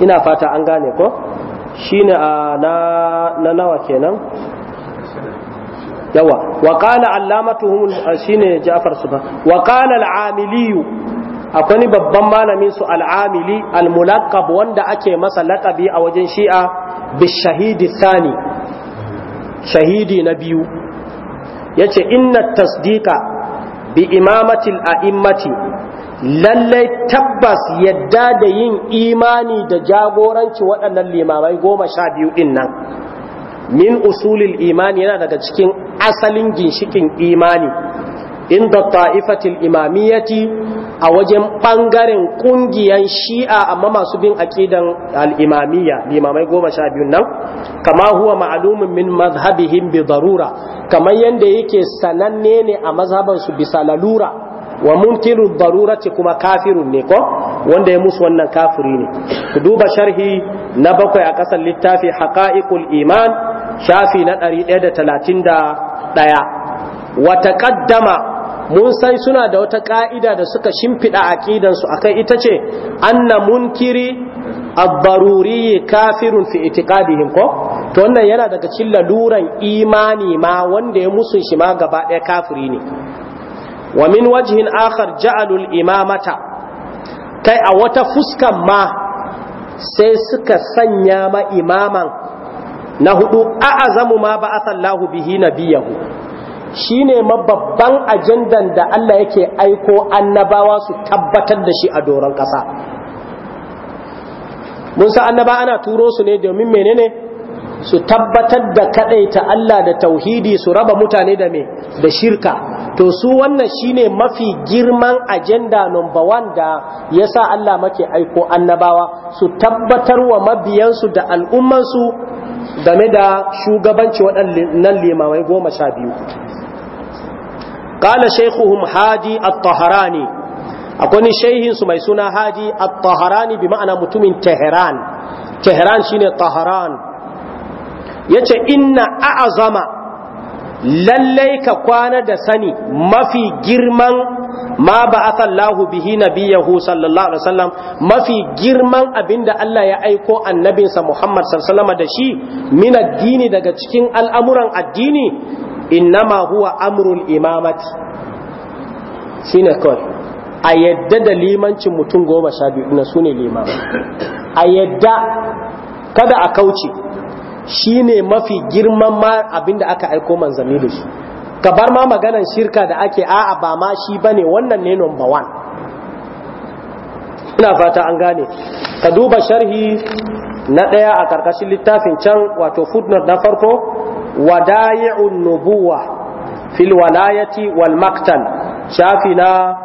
ina fata an gane ko shine a na nawa kenan yawa wa qala shi shine Ja'far Sufa wa qala al’amiliyu akwai ni babban malamin su al'amili al-mulaqab wanda ake masa lakabi a wajen Shi'a bi shahidi sani shahidi na biyu yace inna tasdika bi imamatil aimmati lallai tabbas yadda da yin imani da jagoranci waɗannan limamai goma sha biyu ɗin nan min usulil imani yana daga cikin asalin ginshikin imani inda ta'ifatil imamiyyati a wajen ɓangaren ƙungiyan shi'a amma masu bin aƙidan al'imamiyya limamai goma sha biyu nan kama huwa ma'alumin min mazhabihim bi darura kamar yadda yake sananne ne a mazhabansu bisa lalura wa munkiru darurati kuma kafirun ne ko wanda ya musu wannan kafiri ne ku duba sharhi na bakwai a ƙasan littafi haqa'iqul iman shafi na 131 wa taqaddama mun sai suna da wata ka'ida da suka shimfida aqidan su akai ita ce anna munkiri ad-daruri kafirun fi itiqadihim ko to wannan yana daga cikin laluran imani ma wanda ya musu shi ma gaba ɗaya kafiri ne wa min wajhin akhar ja'alul imamata kai a wata fuskan ma sai suka sanya ma imaman na hudu a'azamu ma ba'athallahu bihi nabiyahu shine mababban ajandan da Allah yake aiko annabawa su tabbatar da shi a doron kasa mun sa annaba ana turo su ne domin menene su tabbatar da kadaita Allah da tauhidi su raba mutane da me da shirka to su wannan shine mafi girman agenda number one da yasa Allah make aiko annabawa su tabbatar wa mabiyansu da al'ummansu game da shugabanci waɗannan limamai goma sha biyu قال شيخهم هادي الطهراني أكون شيخ سميسونا هادي bi ma'ana mutumin تهران تهران shine طهران yace a azama lallai ka kwana da sani mafi girman ma ba'atha sallahu bihi nabiyahu sallallahu alaihi wasallam mafi girman abinda Allah ya aiko annabinsa Muhammad sallallahu da shi min addini daga cikin al'amuran addini innama huwa amrul imamati shine kawai a yadda da limancin mutum goma sha biyu na su ne limamai a yadda kada a kauce Shi ne mafi girman ma abinda aka aiko manzanni da shi ka bar ma maganan shirka da ake a'a ba ma shi ba ne wannan ne number one ina fata an gane ka duba sharhi na ɗaya a ƙarƙashin littafin can wato footnote na farko wadayi'un nubuwa fil walayati wal maktal shafi na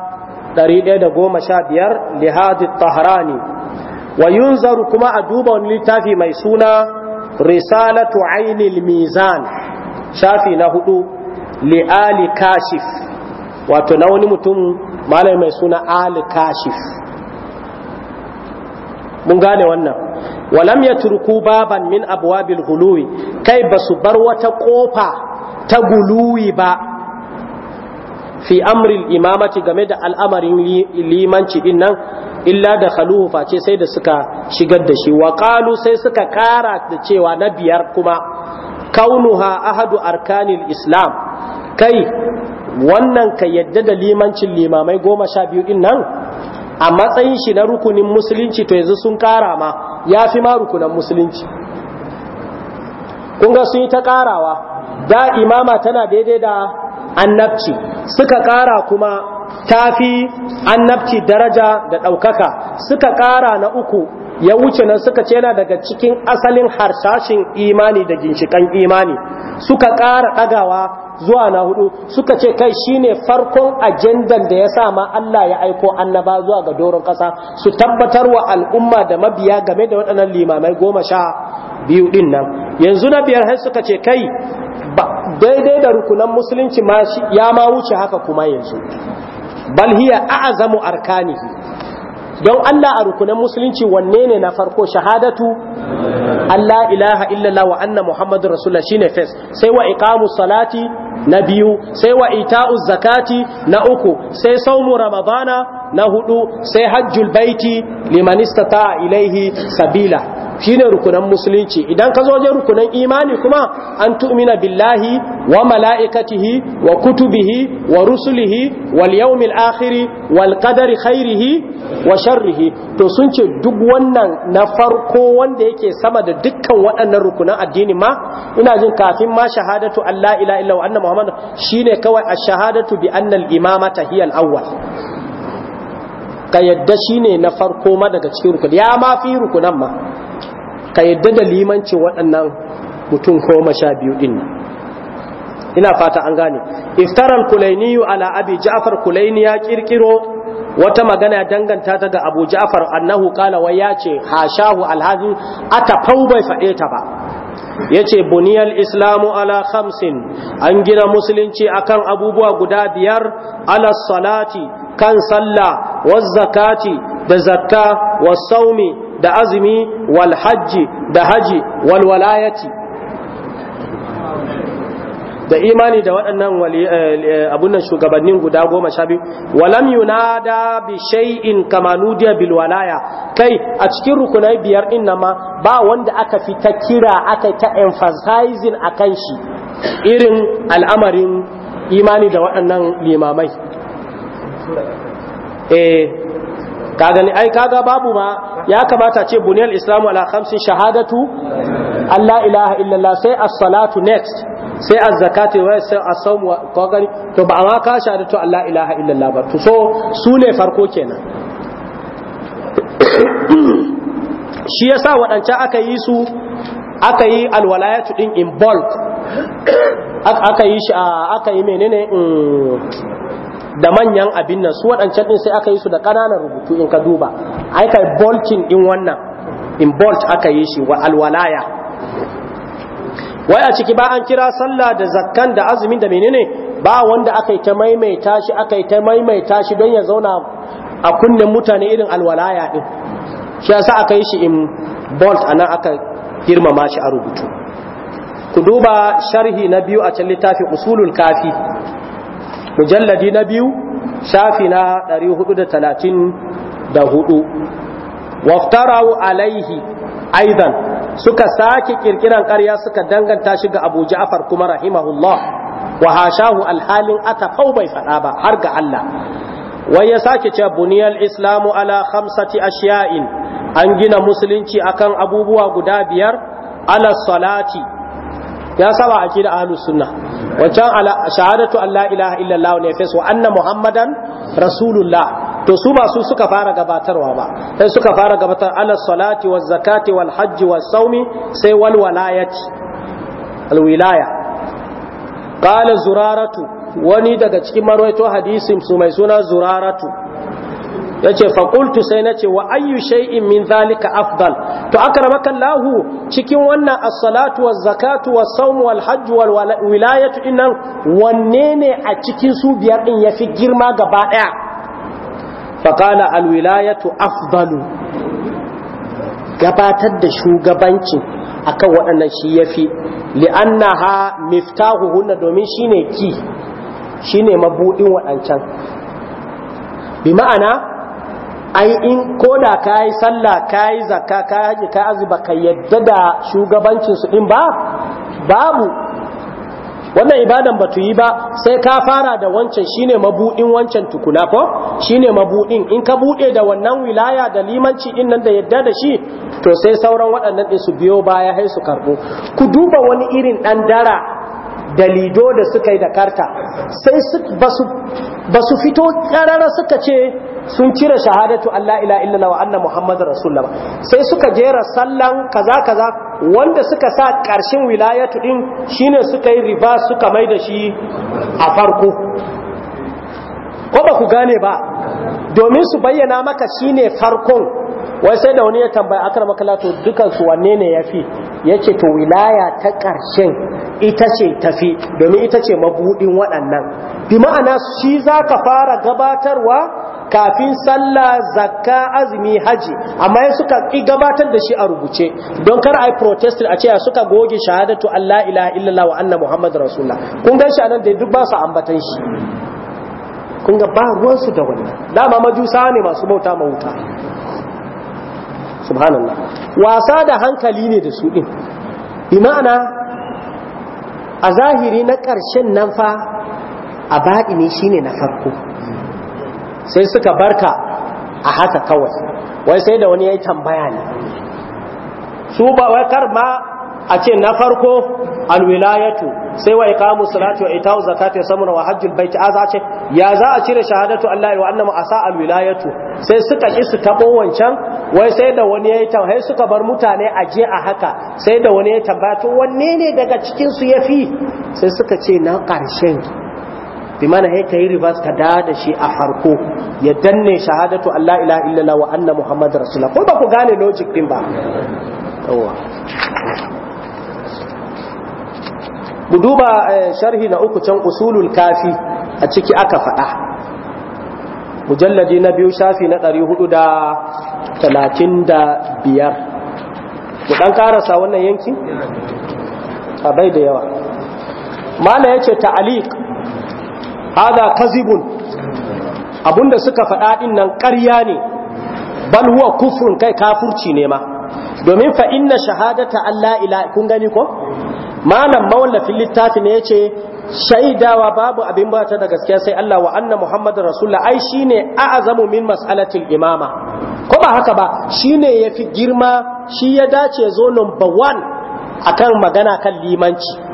115 lihadi tahrani wa yunzaru kuma a duba wani littafi mai suna risalatu ainil mizan shafi na hudu li'ali kashif wato na wani mutum malami mai suna ali kashif mun gane wannan walam ya turku baban min abwabil huluwi kai ba su bar wata kofa ta guluwi ba fi amril imamati game da al'amarin limanci din nan illa da khaluhu face sai da suka shigar da shi wa qalu sai suka kara da cewa na biyar kuma kaunuha ahadu arkanil islam kai wannan ka yadda da limancin limamai goma sha biyu din nan a matsayin shi na rukunin musulunci to yanzu sun kara ma ya fi ma rukunan musulunci kunga sun yi ta karawa da imama tana daidai da annabci suka kara kuma Tafi fi annabci daraja da ɗaukaka suka ƙara na uku ya wuce nan suka ce yana daga cikin asalin harsashin imani da ginshikan imani suka ƙara ɗagawa zuwa na hudu suka ce kai shine farkon ajendan da ya sa ma Allah ya aiko annaba zuwa ga doron kasa su tabbatar wa al'umma da mabiya game da waɗannan limamai goma sha biyu din nan yanzu na biyar har suka ce kai daidai da rukunan musulunci ya ma wuce haka kuma yanzu bal hiya a'zamu arkanihi don Allah a rukunan musulunci wanne ne na farko shahadatu Allah ilaha illallah wa anna muhammadur rasulullah shine fes sai wa iqamus salati na biyu sai wa ita'uz zakati na uku sai saumu ramadana na hudu sai hajjul baiti liman istata ilaihi sabila shine rukunan musulunci idan ka zo wajen rukunan imani kuma an tu'mina billahi wa mala'ikatihi wa kutubihi wa rusulihi wal yawmil akhir wal qadari khairihi wa sharrihi to sun ce duk wannan na farko wanda yake sama da dukkan waɗannan rukunan addini ma ina jin kafin ma shahadatu Allah ila illa wa anna muhammad shine kawai ash-shahadatu bi anna al-imamata hiya al-awwal ka yadda ne na farko ma daga cikin rukun ya ma fi rukunan ma ka yadda da limancin waɗannan mutum goma sha biyu din ina fata an gane iftaral kulainiyu ala abi ja'far kulaini ya ƙirƙiro wata magana danganta ta ga abu ja'far annahu kala wai ya ce hashahu alhazi atafau bai faɗe ta ba yace buniyar islamu ala hamsin an gina musulunci akan abubuwa guda biyar ala salati kan sallah was zakati da zakka wa saumi da azumi wal hajji da haji wal walayati da imani da waɗannan eh, eh, abunan shugabannin guda goma sha biyu walam yunada bi shay'in kama nudiya bil walaya kai a cikin rukunai biyar din nan ma ba wanda aka fi ta kira aka ta emphasizing akan shi irin al'amarin imani da waɗannan limamai eh ka gani ai kaga babu ma ya kamata ce bunyal Islam ala khamsin shahadatu Allah ilaha illallah sai as-salatu next sai az-zakatu wa sai as-sawm wa gani to ba ma ka shahadatu Allah ilaha illallah ba to so su ne farko kenan shi yasa waɗancan aka yi su aka yi alwalayatu din in bulk aka yi shi aka yi menene mm, da manyan abin nan su waɗancan ɗin sai aka yi su da ƙananan rubutu in ka duba ai kai bolting ɗin wannan in bolt aka yi shi wa alwalaya wai a ciki ba an kira sallah da zakkan da azumin da menene ba wanda aka yi ta maimaita shi aka yi ta maimaita shi don ya zauna a kunnen mutane irin alwalaya ɗin shi yasa aka yi shi in bolt anan aka girmama shi a rubutu ku duba sharhi na biyu a can littafin usulul kafi mujalladi na biyu shafi na 434 waftarau alaihi aidan suka sake kirkiran ƙarya suka danganta shi ga Abu Ja'far kuma rahimahullah wa hashahu alhalin atafau bai faɗa ba har ga Allah wai ya sake cewa buniyal islamu ala khamsati ashiya'in an gina musulunci akan abubuwa guda biyar ala salati ya saba akida ahlus sunna wancan shahadatu an la ilaha illallah ne fes anna muhammadan rasulullah to su ba su suka fara gabatarwa ba sai suka fara gabatar ala salati waz zakati wal hajji was saumi sai wal walayati al wilaya qala zuraratu wani daga cikin marwaito hadisin su mai suna zuraratu yace ce sai na ce wa ayyu shay'in min zalika afdal to akramaka lahu cikin wannan as-salatu waz zakatu was sawm wal hajj wal wilayatu innan wanne ne a cikin su biyar din yafi girma gaba daya faqala al wilayatu afdalu gabatar da shugabanci akan waɗannan shi yafi li'annaha miftahuhunna domin shine ki shine mabudin waɗancan bi ma'ana ai in koda ka sallah ka yi zakka ka haji ka azuba ka yadda da shugabancin su din ba babu wannan ibadan ba tu yi ba sai ka fara da wancan shine mabudin wancan tukuna ko shine mabudin in ka bude da wannan wilaya da limanci din nan da yadda da shi to sai sauran waɗannan din su biyo baya sai su karbo ku duba wani irin dan dara da lido da suka yi da karta sai ba su fito karara suka ce sun cire shahadatu Allah ila illallah wa anna Muhammad Rasulullah sai suka jera sallan kaza kaza wanda suka sa karshen wilayatu din shine suka yi riba suka mai da shi a farko ko ba ku gane ba domin su bayyana maka shine farkon wai sai da wani ya tambaya akar makala to dukan su wanne ne yafi yace to wilaya ta karshen ita ce tafi domin ita ce mabudin waɗannan bi ma'ana shi zaka fara gabatarwa kafin sallah zakka azumi haji amma ya suka gabatar da shi a rubuce don kar ai protest a ce suka goge shahadatu Allah ilaha illallah wa anna muhammad rasulullah kun gan shi anan da duk ba su ambatan shi kun ga ba ruwan su da wannan dama majusa ne masu bauta mawuta subhanallah wasa da hankali ne da su din bi ma'ana a zahiri na ƙarshen nan fa a baɗi ne shine na farko sai suka barka a haka kawai wai sai da wani ya yi tambaya ne su ba wai kar ma a ce na farko alwilayatu sai wa iqamu salati wa itau zakati samuna wa hajjul a za ce ya za a cire shahadatu Allah wa annama asa alwilayatu sai suka ƙi su taɓo wancan wai sai da wani ya yi tambaya sai suka bar mutane a je a haka sai da wani ya tambaya to wanne ne daga cikin su yafi sai suka ce na karshen bi mana hai ka yi reverse ka da da shi a harko ya danne shahadatu Allah ila illallah wa anna Muhammad rasulullah ko ba ku gane logic din ba yawa mu duba eh, sharhi na uku can usulul kafi a ciki aka faɗa mujalladi na biyu shafi na ɗari hudu da talatin da biyar mu ɗan karasa wannan yankin a bai da yawa mana ya ce ta'aliq hada kazibun abunda suka faɗa din nan ƙarya ne bal huwa kufrun kai kafurci ne ma domin fa inna shahadata Allah ila kun gani ko malam mawallafin littafi ne yace shaidawa babu abin bata da gaskiya sai Allah wa anna Muhammadur Rasulullah ai shine a'azamu min mas'alatil imama ko ba haka ba shine yafi girma shi ya dace zo number 1 akan magana kan limanci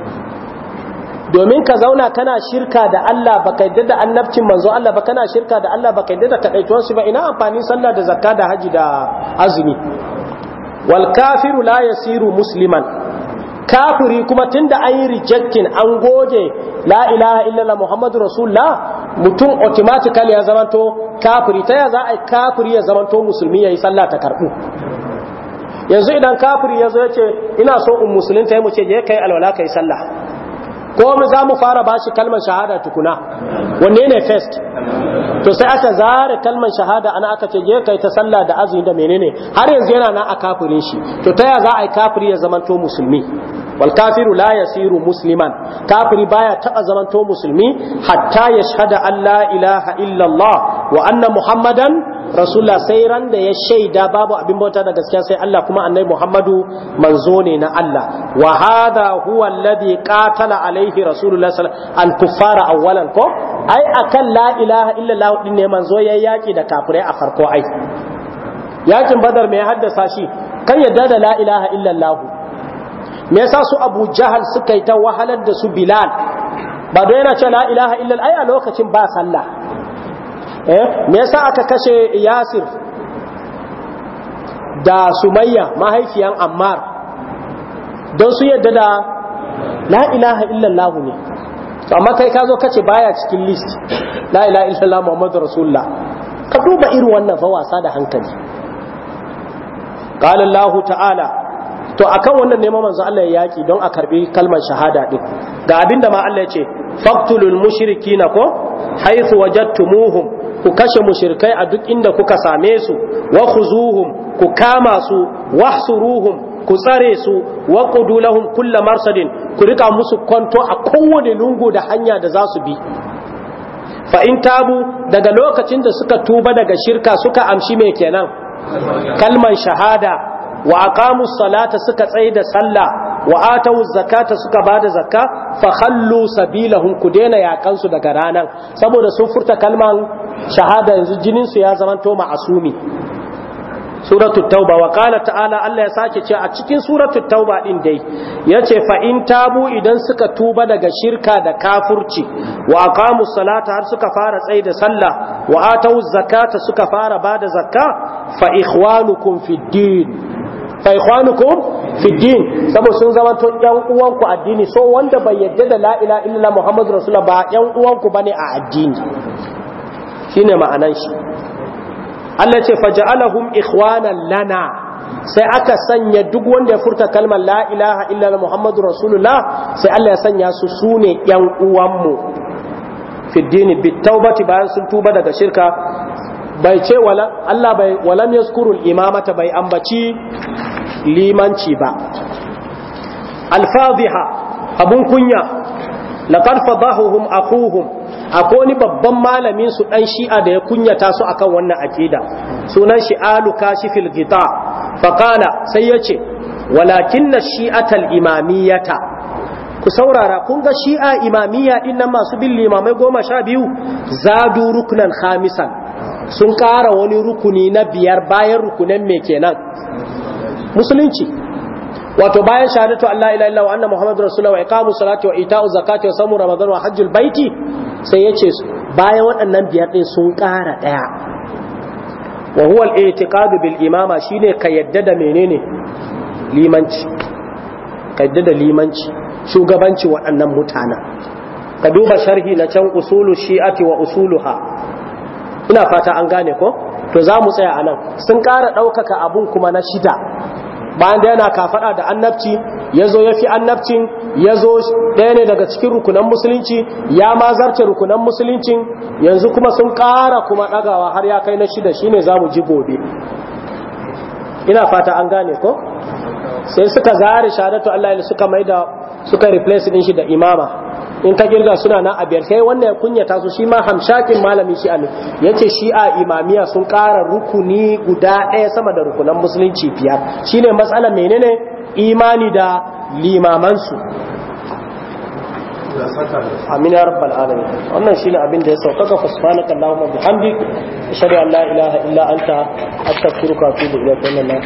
domin ka zauna kana shirka da Allah ba ka yadda da annabcin manzo Allah ba kana shirka da Allah ka yadda da kadaituwan shi ba ina amfani sallah da zakka da haji da azumi wal kafiru la yasiru musliman kafiri kuma tunda an yi rejecting an goge la ilaha illallah muhammadu rasulullah mutum automatically ya zamanto kafiri ta ya za a kafiri ya zamanto musulmi yayi sallah ta karbu yanzu idan kafiri ya zo ya ce ina so in musulunta ya mu ce je kai alwala kai sallah ko mu za mu fara bashi kalmar shahada tukuna wanne ne first to sai aka zare kalmar shahada ana aka ce je kai ta sallah da azumi da menene har yanzu yana nan a kafirin shi to ta ya za a yi kafiri ya zamanto musulmi wal kafiru la yasiru musliman kafiri baya taba zamanto musulmi hatta yashhada an la ilaha Allah wa anna muhammadan rasulullah sai ran da ya shaida babu abin bauta da gaskiya sai Allah kuma annabi Muhammadu manzo ne na Allah wa hadha huwa alladhi qatala alaihi rasulullah al kuffara awwalan ko ai akan la ilaha ɗin din ne manzo ya yaki da kafirai a farko ai yakin badar me ya haddasa shi kan yadda da la ilaha me yasa su abu jahal suka yi ta wahalar da su bilal ba don yana cewa la ilaha ai a lokacin ba sallah Eh? me yasa aka kashe yasir da sumayya mahaifiyan ammar don su yadda da la ilaha illallah ne to amma kai ka zo kace baya cikin list la ilaha illallah muhammadu rasulullah ka duba irin wannan fa wasa da hankali qala allah ta'ala to akan wannan neman manzo Allah ya yaki don a karbi kalmar shahada din ga abinda ma Allah ya ce faktulul mushriki na ko wajen wajattumuhum ku kashe mushrikai a duk inda kuka same su wa khuzuhum ku kama su wa wahsuruhum ku tsare su wa qudu lahum kulla marsadin ku rika musu kwanto a kowane lungu da hanya da za su bi fa tabu daga lokacin da suka tuba daga shirka suka amshi mai kenan kalmar shahada wa aqamu salata suka tsaye da sallah wa atawu zakata suka bada zakka fa khallu sabilahum ku daina yakan daga ranan saboda sun furta kalman shahada yanzu jinin su ya zama to ma'asumi suratu tauba wa qala ta'ala Allah ya sake ce a cikin suratu tauba din dai yace fa in tabu idan suka tuba daga shirka da kafurci wa aqamu salata har suka fara tsaye da sallah wa atawu zakata suka fara bada zakka fa ikhwanukum fid din fa ikhwanukum fi din saboda sun zama to yan uwanku addini so wanda bai yadda da la ilaha muhammadu rasulullah ba yan uwanku bane a addini shine ma'anan shi Allah ce faja'alahum ikhwanan lana sai aka sanya duk wanda ya furta kalmar la ilaha illallah muhammadu rasulullah sai Allah ya sanya su sune yan uwanmu fi dini bitawbati bayan sun tuba daga shirka bai ce wala Allah bai walam yaskurul imamata bai ambaci limanci ba alfaziha abun kunya laqad fadahuhum akuhum akwai wani babban malamin su dan shi'a da ya kunyata su akan wannan aqida sunan shi alu kashifil gita faqala sai yace walakinna shi'atal imamiyata ku saurara kun ga shi'a imamiyya din nan masu bin limamai goma sha biyu zadu rukunan khamisan sun kara wani rukuni na biyar bayan rukunan me kenan musulunci wato bayan shahadatu Allah ila illa wa anna muhammadur rasulullah wa iqamu salati wa ita'u zakati wa samu ramadan wa hajjul baiti sai yace bayan waɗannan biyar din sun ƙara daya wa huwa al-i'tiqad bil imama shine ka yadda da menene limanci ka yadda da limanci shugabanci waɗannan mutanen ka duba sharhi na can usulu shi'ati wa usuluha ina fata an gane ko to za mu tsaya a nan sun ƙara ɗaukaka abun kuma na shida bayan da yana kafaɗa da annabci ya zo ya fi annabcin ya zo ɗaya ne daga cikin rukunan musulunci ya ma zarce rukunan musulunci. yanzu kuma sun ƙara kuma ɗagawa har ya kai na shida shi ne za mu ji gobe ina fata an gane ko sai suka zare shahadatu Allah suka maida suka replace din shi da imama in ka girga suna na a biyar sai wannan ya kunyata su shi ma hamshakin malamin shi amin ce shi a imamiya sun kara rukuni guda ɗaya sama da rukunan musulunci biyar Shi ne matsala menene imani da limamansu. Amina amin ya rabbal alamin wannan shine abin da ya saukaka fa subhanaka allahumma bihamdik ashhadu an la ilaha illa anta astaghfiruka wa atubu ilaik